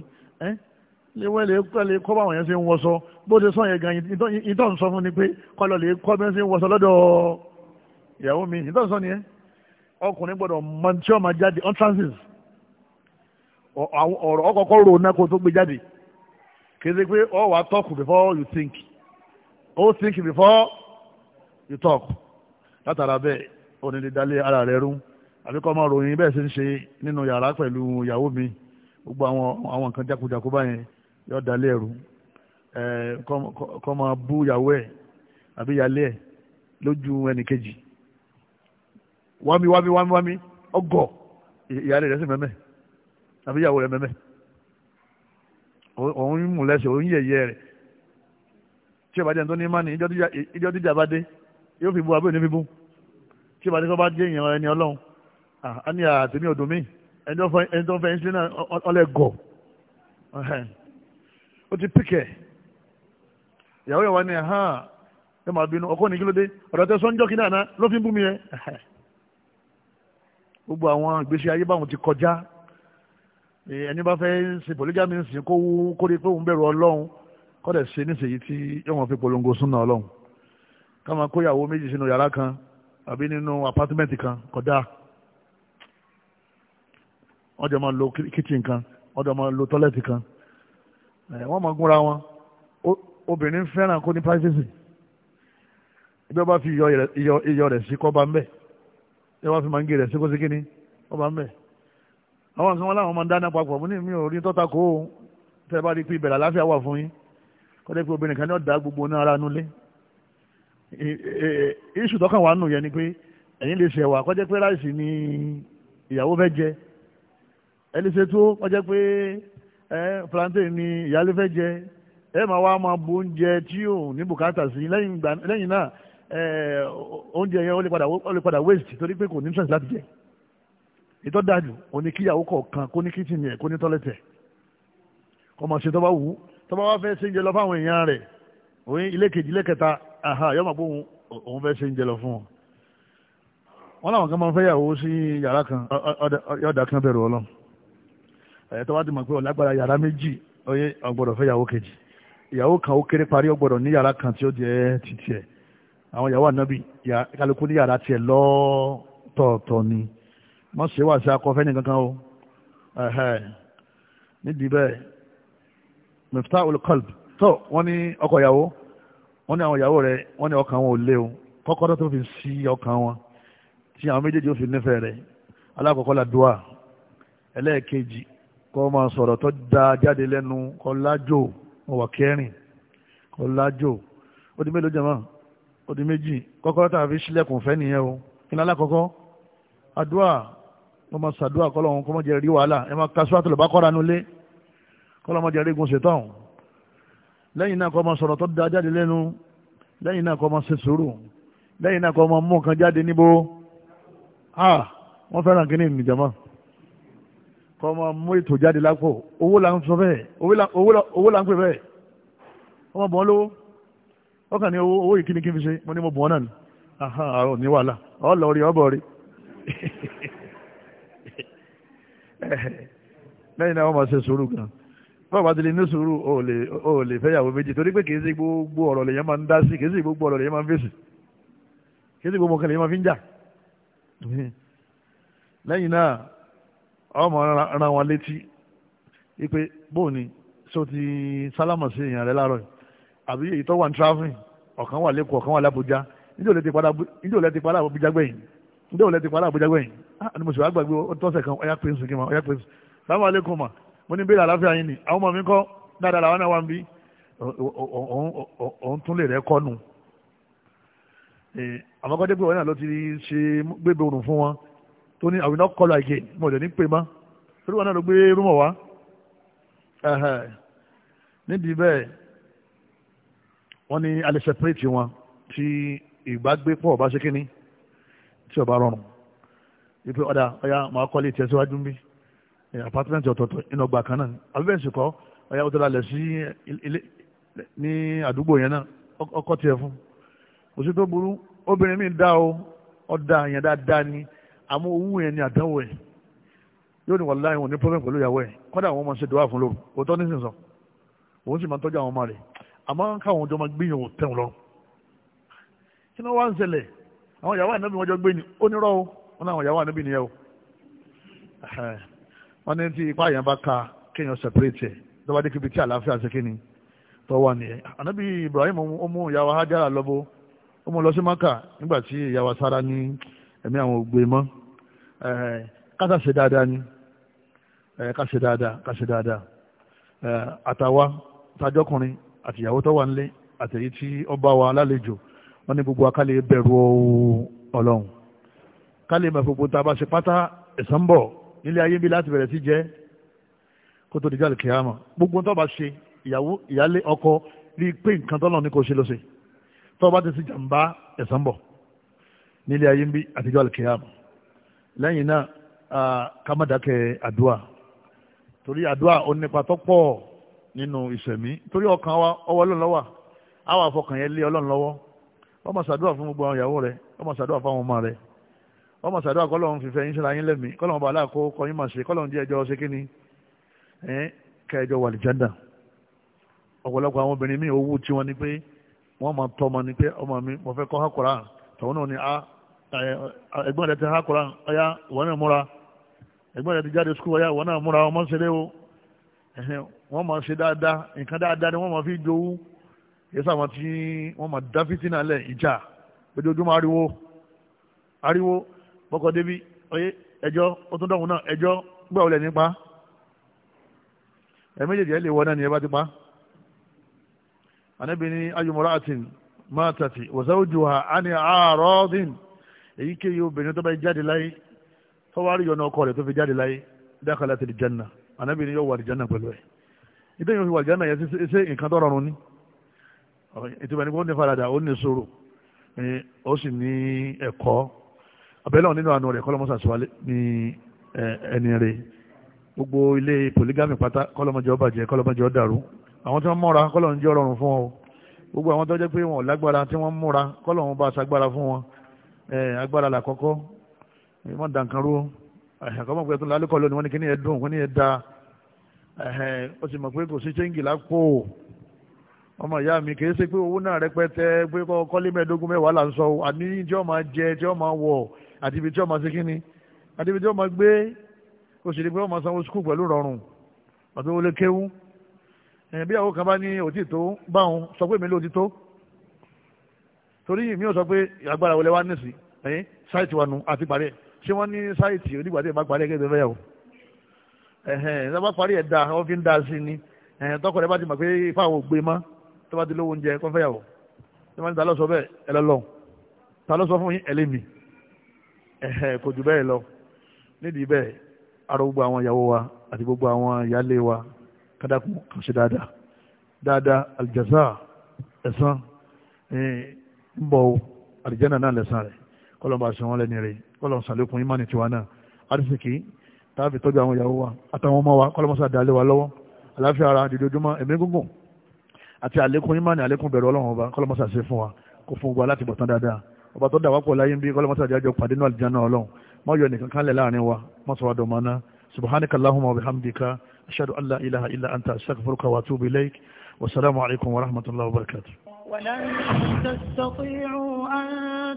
léwẹ́ lè kọ́ lè kọ́ báwọn yẹn ṣe ń wọṣọ bó ṣe sọ yẹn gan-an ìtọ́ ń sọ fún ni pé kọ́ lọ lè kọ́ bí ṣe ń wọṣọ lọ́dọ̀ ìyàwó mi ìtàn sọ nìyẹn ọkùnrin gbọ́dọ̀ mọ̀ tí ọmọ jáde entrances ọ̀rọ̀ ọkọ̀ọ̀kọ̀ rò náà kó tó gbé jáde kéde pé ọ oh, wà talk before you think ó oh, think before you talk látara bẹ́ẹ̀ ó ní lè dalẹ̀ ara rẹ̀ rú àbí kọ́ máa ròyìn bẹ́ẹ̀ ṣe ń ṣe nínú yàrá pẹ̀lú ìyàwó mi gbogbo àwọn àwọn nǹkan jákujàku báyẹn yọ dalẹ̀ ẹ̀rú kọ́ máa bú ìyàwó ẹ̀ àbí ìyálé ẹ̀ lójú ẹnìkejì wami wami wami wami ọgọ ìyá rẹ̀ sì mẹ́mẹ́ àbí ìyàwó rẹ̀ mẹ́mẹ́ òun mú lẹ́sẹ̀ òun yẹ̀yẹ́ rẹ̀ tí ìbàdí ẹni tó ní mánì ìjọ díjà bá dé yóò fi bu àbí òní fi bu tí ìbàdí kọ́ bá dé èèyàn ẹni ọlọ́run a ní àtẹ̀mí ọ̀dùn mí ẹni tó fẹ́ ẹni sílẹ̀ ọlẹ́gọ̀ ó ti píkẹ̀ ìyàwó ìwà ni ẹ̀ hàn ẹ máa bínú ọkọ ní kí ló dé ọ̀dọ̀ tẹ sọ́njọ́ kí náà ló fi ń bú mi yẹn gbogbo àwọn ìgbésí ayé báwọn ti kọjá ẹni bá fẹ́ ṣe polygamy ń sìn kó wú kó rí pé òun bẹ̀rù ọlọ́run kọ́ dẹ̀ ṣe níṣèyí tí yóò wọn fi polongo súnà ọlọ́run ká máa kóyàwó méjì sínú yàrá kan àbí nínú apátímẹ́ǹtì kan kódà wọ́n jọ máa lo kíchìn kan wọ́n jọ máa lo tọ́lẹ́tì kan wọ́n máa gúnra wọn obìnrin fẹ́ràn kó ní privacy ibi ó bá fi iyọ̀ rẹ̀ sí kọ́ bá ń bẹ́ẹ̀ ẹ wá fi máa ń gé rẹ̀ sí kóṣe kínní wọ́n bá ń bẹ̀. àwọn kan wọn láwọn máa ń dáná papọ̀ mo ní mi ò rí tọ́ta kó o tẹ́ ẹ bá rí i pé ìbẹ̀rẹ̀ àláfíà wà fún yín kọ́ dé pé obìnrin kan ní ọ̀dà gbogbo náà ara nulẹ̀. iṣu tọ́kàn wà nù yẹn ni pé ẹ̀yin lè ṣẹ̀wà kọ́ jẹ́ pé ráìsì ni ìyàwó fẹ́ jẹ ẹ lè ṣe tó kọ́ jẹ́ pé plantain ni ìyálé fẹ́ jẹ ẹ máa wá máa bu oúnjẹ tí ò ní bùkátà sí lẹ́yìn náà Eh, oúnjẹ yẹn ó lè padà waste torí pé kò ní interest láti jẹ ìtọ́ dájú òní kíyàwó kọ̀ọ̀kan kó ní kitchen yẹn kó ní toilet yẹn kó máa ṣe tó bá wù ú tó bá wá fẹ́ ṣe ń jẹ lọ fáwọn èèyàn rẹ̀ òun ilé kejì ilé kẹta yọ máa bóun òun fẹ́ ṣe ń jẹ lọ fún wọn. wọ́n làwọn kan máa ń fẹ́ yàwó sí yàrá kan yọ̀dà kan bẹ̀rù ọlọ́run ẹ̀yẹ tó ti mọ̀ pé ọ̀lágbára yàrá méjì ọyẹ ọgbọ́dọ̀ fẹ́ yàwó kejì ìyàwó kan ó kéré parí ọgbọ́dọ̀ ní yàrá kan tí ó jẹ́ títí ẹ̀ àwọn ìyàwó ànábì kálukú ní yàrá tiẹ̀ lọ́tọ̀ọ̀tọ̀ ni wọ́n ṣe wà sí akọ́fẹ́ ní kankan o nídìí bẹ́ẹ̀ miftahul qalb tó wọ́n ní ọkọ ìyàwó wọ́n ní àwọn ìyàwó rẹ̀ wọ́n ní ọkàn wọn ò lé o kọ́kọ́rọ́ tó fi sí ọkàn wọn tí àwọn méjèèjì ó fi nífẹ̀ẹ́ rẹ̀ alákọ̀ọ́kọ́ la dùá ẹlẹ́ẹ̀kejì kọ́ máa sọ̀rọ̀ tó da jáde lẹ́nu kọ́ lájò ọ̀wà kẹrin kọ́ lájò ó di mélòó jẹ́ mọ́ ó di méjì kọ́kọ́rọ́ tá a fi ṣílẹ̀kùn fẹ́ nìyẹn o kí ni alákọ̀ọ́kọ́ àdúrà wọ́n máa ṣàdúrà kọ́ lọ́wọ́n kọ́ mọ́ jẹ́ rí wàhálà ẹ máa ka suratul baqara nulẹ̀ kọ́ lọ́wọ́ jẹ́ rí gun ṣetán lẹ́yìn náà kọ́ máa sọ̀rọ̀ tó da jáde lẹ́nu lẹ́yìn náà kọ́ máa ṣe sùúrù lẹ́yìn náà kọ́ máa mú nǹkan jáde níbo ah wọ́n fẹ́ràn kí ni ìjàmá kọ́ máa mú ètò jáde lápò owó là ń sọ bẹ́ẹ̀ owó là ń pè bẹ́ẹ̀ wọ́n máa bọ́ lówó ọkàn ní owó yìí kíni kí n fi ṣe mo ní mo bùn ọ́ náà ni àrùn ní wàhálà ọ lọ rí ọbọ rí lẹ́yìn náà wọ́n máa ṣe sùúrù gan bọ́ọ̀ bá ti lè ní sùúrù o lè fẹ́yàwó méjì torí pé kì í sí gbogbo ọ̀rọ̀ lèyàn máa ń dá sí kì í sí gbogbo ọ̀rọ̀ lèyàn máa ń fèsì kì í sí gbogbo ọ̀kan lèyàn máa fi ń jà lẹ́yìn náà ọmọ ran wọn létí wípé bóò ni sọ ti sálámọ̀ sí èèyàn rẹ láàárọ̀ yìí àbí èyí tó wà ní traveling ọ̀kan wà lẹ́kọ̀ọ́ ọ̀kan wà lábújá níjẹ́ òun lẹ́ ti padà àbújá gbẹ̀yìn níjẹ́ òun ti padà àbújá gbẹ̀yìn ah, ni mo sì wá gbàgbé ọtọ́sẹ̀ kan ọ̀yá pé ń ma ọ̀yá pé ń sùn sáwọn alẹ́kùn mà mo ní bẹ́ẹ̀rẹ̀ àláfíà yín ni àwọn ọmọ mi kọ́ dáadáa làwọn náà wà ń bí òun tún lè rẹ́ kọ́ nù àmọ́ kọ́ dépò wọn náà ló ti ṣe gbégbé òrùn fún wọn tó ní àwìn náà kọlu àìkè wọ́n ní alẹ́ separate wọn tí ìgbàgbépọ̀ ọba ṣe kínní tí ọba rọrùn wípé ọ̀dà ọ̀yà máa kọ́lé tiẹ̀ síwájú ń bí apartment ọ̀tọ̀ọ̀tọ̀ inú ọgbà kan náà abẹ́bẹ̀ sì kọ́ ọ̀yà òtọ́lá lẹ̀ sí ilé ní àdúgbò yẹn náà ọkọ̀ tiẹ̀ fún kò sí tó burú obìnrin mi dá o ọ̀dà yẹn dáadáa ni àmọ́ owó yẹn ni àdánwò ẹ̀ yóò ní wàláhì wọn ní problem pẹ̀lú ìyàwó ẹ̀ kọ́dà àwọn ọmọ ṣe dùwà fún lóru òótọ́ nísinsìnyí òun sì máa tọ́jú àwọn ọmọ rẹ̀ àmọ́ káwọn ọjọ́ máa gbìyànjú tẹ̀wọ̀n lọ. kí ni wọ́n wá ń ṣẹlẹ̀ àwọn ìyàwó ànábì wọn jọ gbé ni ó nírọ́ o wọn náà àwọn ìyàwó ànábì nìyẹn o. wọ́n ní tí ipá yẹn bá ka kéèyàn separate ẹ̀ lọ́wọ́dé kíbi tí àlàáfíà ṣe kíni tó wà nìyẹn. ànábì Ibrahim ó mú ìyàwó Hajara lọ́bọ̀ ó mú lọ sí Maka nígbà tí ìyàwó Sara ní ẹ̀mí àwọn ògbé mọ́ kásá ṣe dáadáa ni kásá ṣe dáadáa kásá ṣe dáadáa àtàwa tàjọkùnrin àtìyàwó tó wà nílé àtẹ̀yí tí ó bá wa lálejò wọ́n ní gbogbo akálẹ̀ bẹ̀rù ọlọ́run kálẹ̀ mọ̀ gbogbo tá a bá ṣe pátá ẹ̀san ń bọ̀ nílé ayé bí láti bẹ̀rẹ̀ sí jẹ́ kó tó dìjà kìámà gbogbo tó bá ṣe ìyàwó ìyálé ọkọ rí pé nǹkan tọ́lọ̀ ní kò ṣe lọ́sẹ̀ tó bá ti sí jàǹbá ẹ̀san bọ̀ nílé ayé bí àtijọ́ àlùkìyàmù lẹ́yìn náà ká má dákẹ́ àdúà torí àdúà ó nípa tó pọ̀ nínú ìṣẹ̀mí torí ọkàn wa ọwọ́ ọlọ́run lọ́wọ́ àwọn àfọkàn yẹn lé ọlọ́run lọ́wọ́ wọ́n máa ṣàdúrà fún gbogbo àwọn ìyàwó rẹ̀ wọ́n máa ṣàdúrà fún àwọn ọmọ rẹ̀ wọ́n máa ṣàdúrà kọ́lọ́run fìfẹ́ yín síra yín lẹ́mí kọ́lọ́run ọba aláàkó kọ́ yín máa ṣe kọ́lọ́run jẹ́ ẹjọ́ ṣe kíni ẹ̀ kẹjọ wà lìjàndà ọ̀pọ̀lọpọ̀ àwọn obìnrin míì owó tí wọ́n ní pé wọ́n máa tọ́ ọmọ pé ọmọ mi mo fẹ́ kọ́ hákùrá tọ̀hún náà ni ah, ẹgbọ́n rẹ ti hákùrá ọyá ìwọ náà múra ẹgbọ́n rẹ ti jáde skul ọyá ìwọ náà múra ọmọ ń o wọ́n máa ṣe dáadáa nǹkan dáadáa ni wọ́n máa fi jowú yẹ́sà àwọn tí wọ́n máa dá fìtínà lẹ̀ ìjà ojoojúmọ́ ariwo ariwo bọ́kọ̀ débi oyé ẹjọ́ ó tún dọ̀hún náà ẹjọ́ gbẹ́ olè nípa ẹ lè wọ náà ni ẹ bá ti pa anabi ni ayumura atin mátàtì ani àárọ̀dín èyíkéyìí obìnrin tó bá jáde láyé tó wá rí yọ̀nà ọkọ rẹ̀ tó fi jáde láyé dakhalat al-janna anabi yóò wà ní janna pẹ̀lú ẹ̀ ìdí yóò fi wà jẹ́nà yẹn ṣe nǹkan tó rọrùn ni ìtìmọ̀ ní kó ní faradà ó ní sòrò ó sì ní ẹ̀kọ́ abẹ́lẹ́ wọn nínú àánú rẹ̀ kọ́lọ́mọ́sà sọ́wálé ní ẹni rẹ̀ gbogbo ilé polygamy pátá kọ́lọ́mọ́jọ́ bàjẹ́ kọ́lọ́mọ́jọ́ dàrú àwọn tí wọ́n mọ́ra kọ́lọ́mọ́jọ́ rọrùn fún wọn gbogbo àwọn tó jẹ́ pé wọn lágbára tí wọ́n múra kọ́lọ́mọ́ bá ṣagbára fún wọn agbára làkọ́kọ́ wọ́n dànkan rú àkọ́mọ́ pẹ̀lú lónìí wọ́n ní kí ni ẹ dùn wọ́n ní ẹ dáa ẹ̀hẹ́n ó sì mọ̀ pé kò sí ṣéǹgì lápò ọmọ ìyá mi kì í ṣe pé owó náà rẹpẹtẹ pé kọ́lé mẹ́ẹ̀ẹ́dógún mẹ́wàá là ń sọ àní tí ó máa jẹ tí ó máa wọ̀ àti ibi tí ó máa ṣe kíni àti ibi tí ó máa gbé kò sì ní pé ó máa sanwó skul pẹ̀lú rọrùn àti owó lè kéwú ẹ̀yìn bí àwọn kan bá ní òtí tó báwọn sọ pé mi ló ti tó torí mi ò sọ pé agbára wọlé wa nísì ẹ̀yìn sáìtì wa nù àti parí ẹ̀ ṣé wọ́n ní sáìtì onígbàdé ẹ̀hẹ̀n sábà parí ẹ̀ da wọ́n fi ń da sí ni ẹ̀hẹ̀n tọkọ rẹ̀ bá ti mọ̀ pé ifá àwọn ògbé mọ́ tó bá ti lówó oúnjẹ kọ́ fẹ́yàwó tó bá ti ta lọ́sọ bẹ́ẹ̀ ẹ lọ́lọ́ ta lọ́sọ fún yín ẹlẹ́mì ẹ̀hẹ̀n kò jù bẹ́ẹ̀ lọ nídìí bẹ́ẹ̀ arọ gbogbo àwọn ìyàwó wa àti gbogbo àwọn ìyáálé wa kádàkùn kàn ṣe dáadáa dáadáa àlìjàsá ẹ̀sán ń bọ̀ àlìjánà náà lẹ̀sán rẹ̀ kọ́lọ́mbà ṣe wọ́n lẹ́ni rẹ̀ kọ́lọ́mbà ṣàlékún ìmánì náà àdìsíkì tààfi tọ́jú àwọn ìyàwó wa àtàwọn ọmọ wa kọ́lọ́mọ́sá dalẹ̀ wa lọ́wọ́ àláfíà ara dídójúmọ́ ẹ̀mí gúngùn àti àlékún ìmánì àlékún bẹ̀rù ọlọ́run ọba kọ́lọ́mọ́sá ṣe fún wa kó fún wa láti bọ̀tán dáadáa ọba tó dà wá pọ̀ láyé ń bí kọ́lọ́mọ́sá jájọ pàdé náà àlìjáná ọlọ́run má yọ nìkan kan lẹ̀ láàrin wa má sọ wa dọ̀ mọ́ná subhanaka allahumma wa bihamdika ashhadu an la ilaha illa anta astaghfiruka wa atubu ilaik wa assalamu alaikum wa rahmatullahi wa barakatuh ولن تستطيعوا أن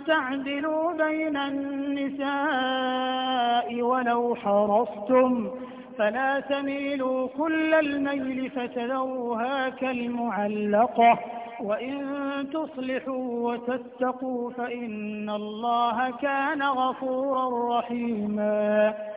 تعدلوا بين النساء ولو حرصتم فلا تميلوا كل الميل فتذروها كالمعلقة وإن تصلحوا وتتقوا فإن الله كان غفورا رحيما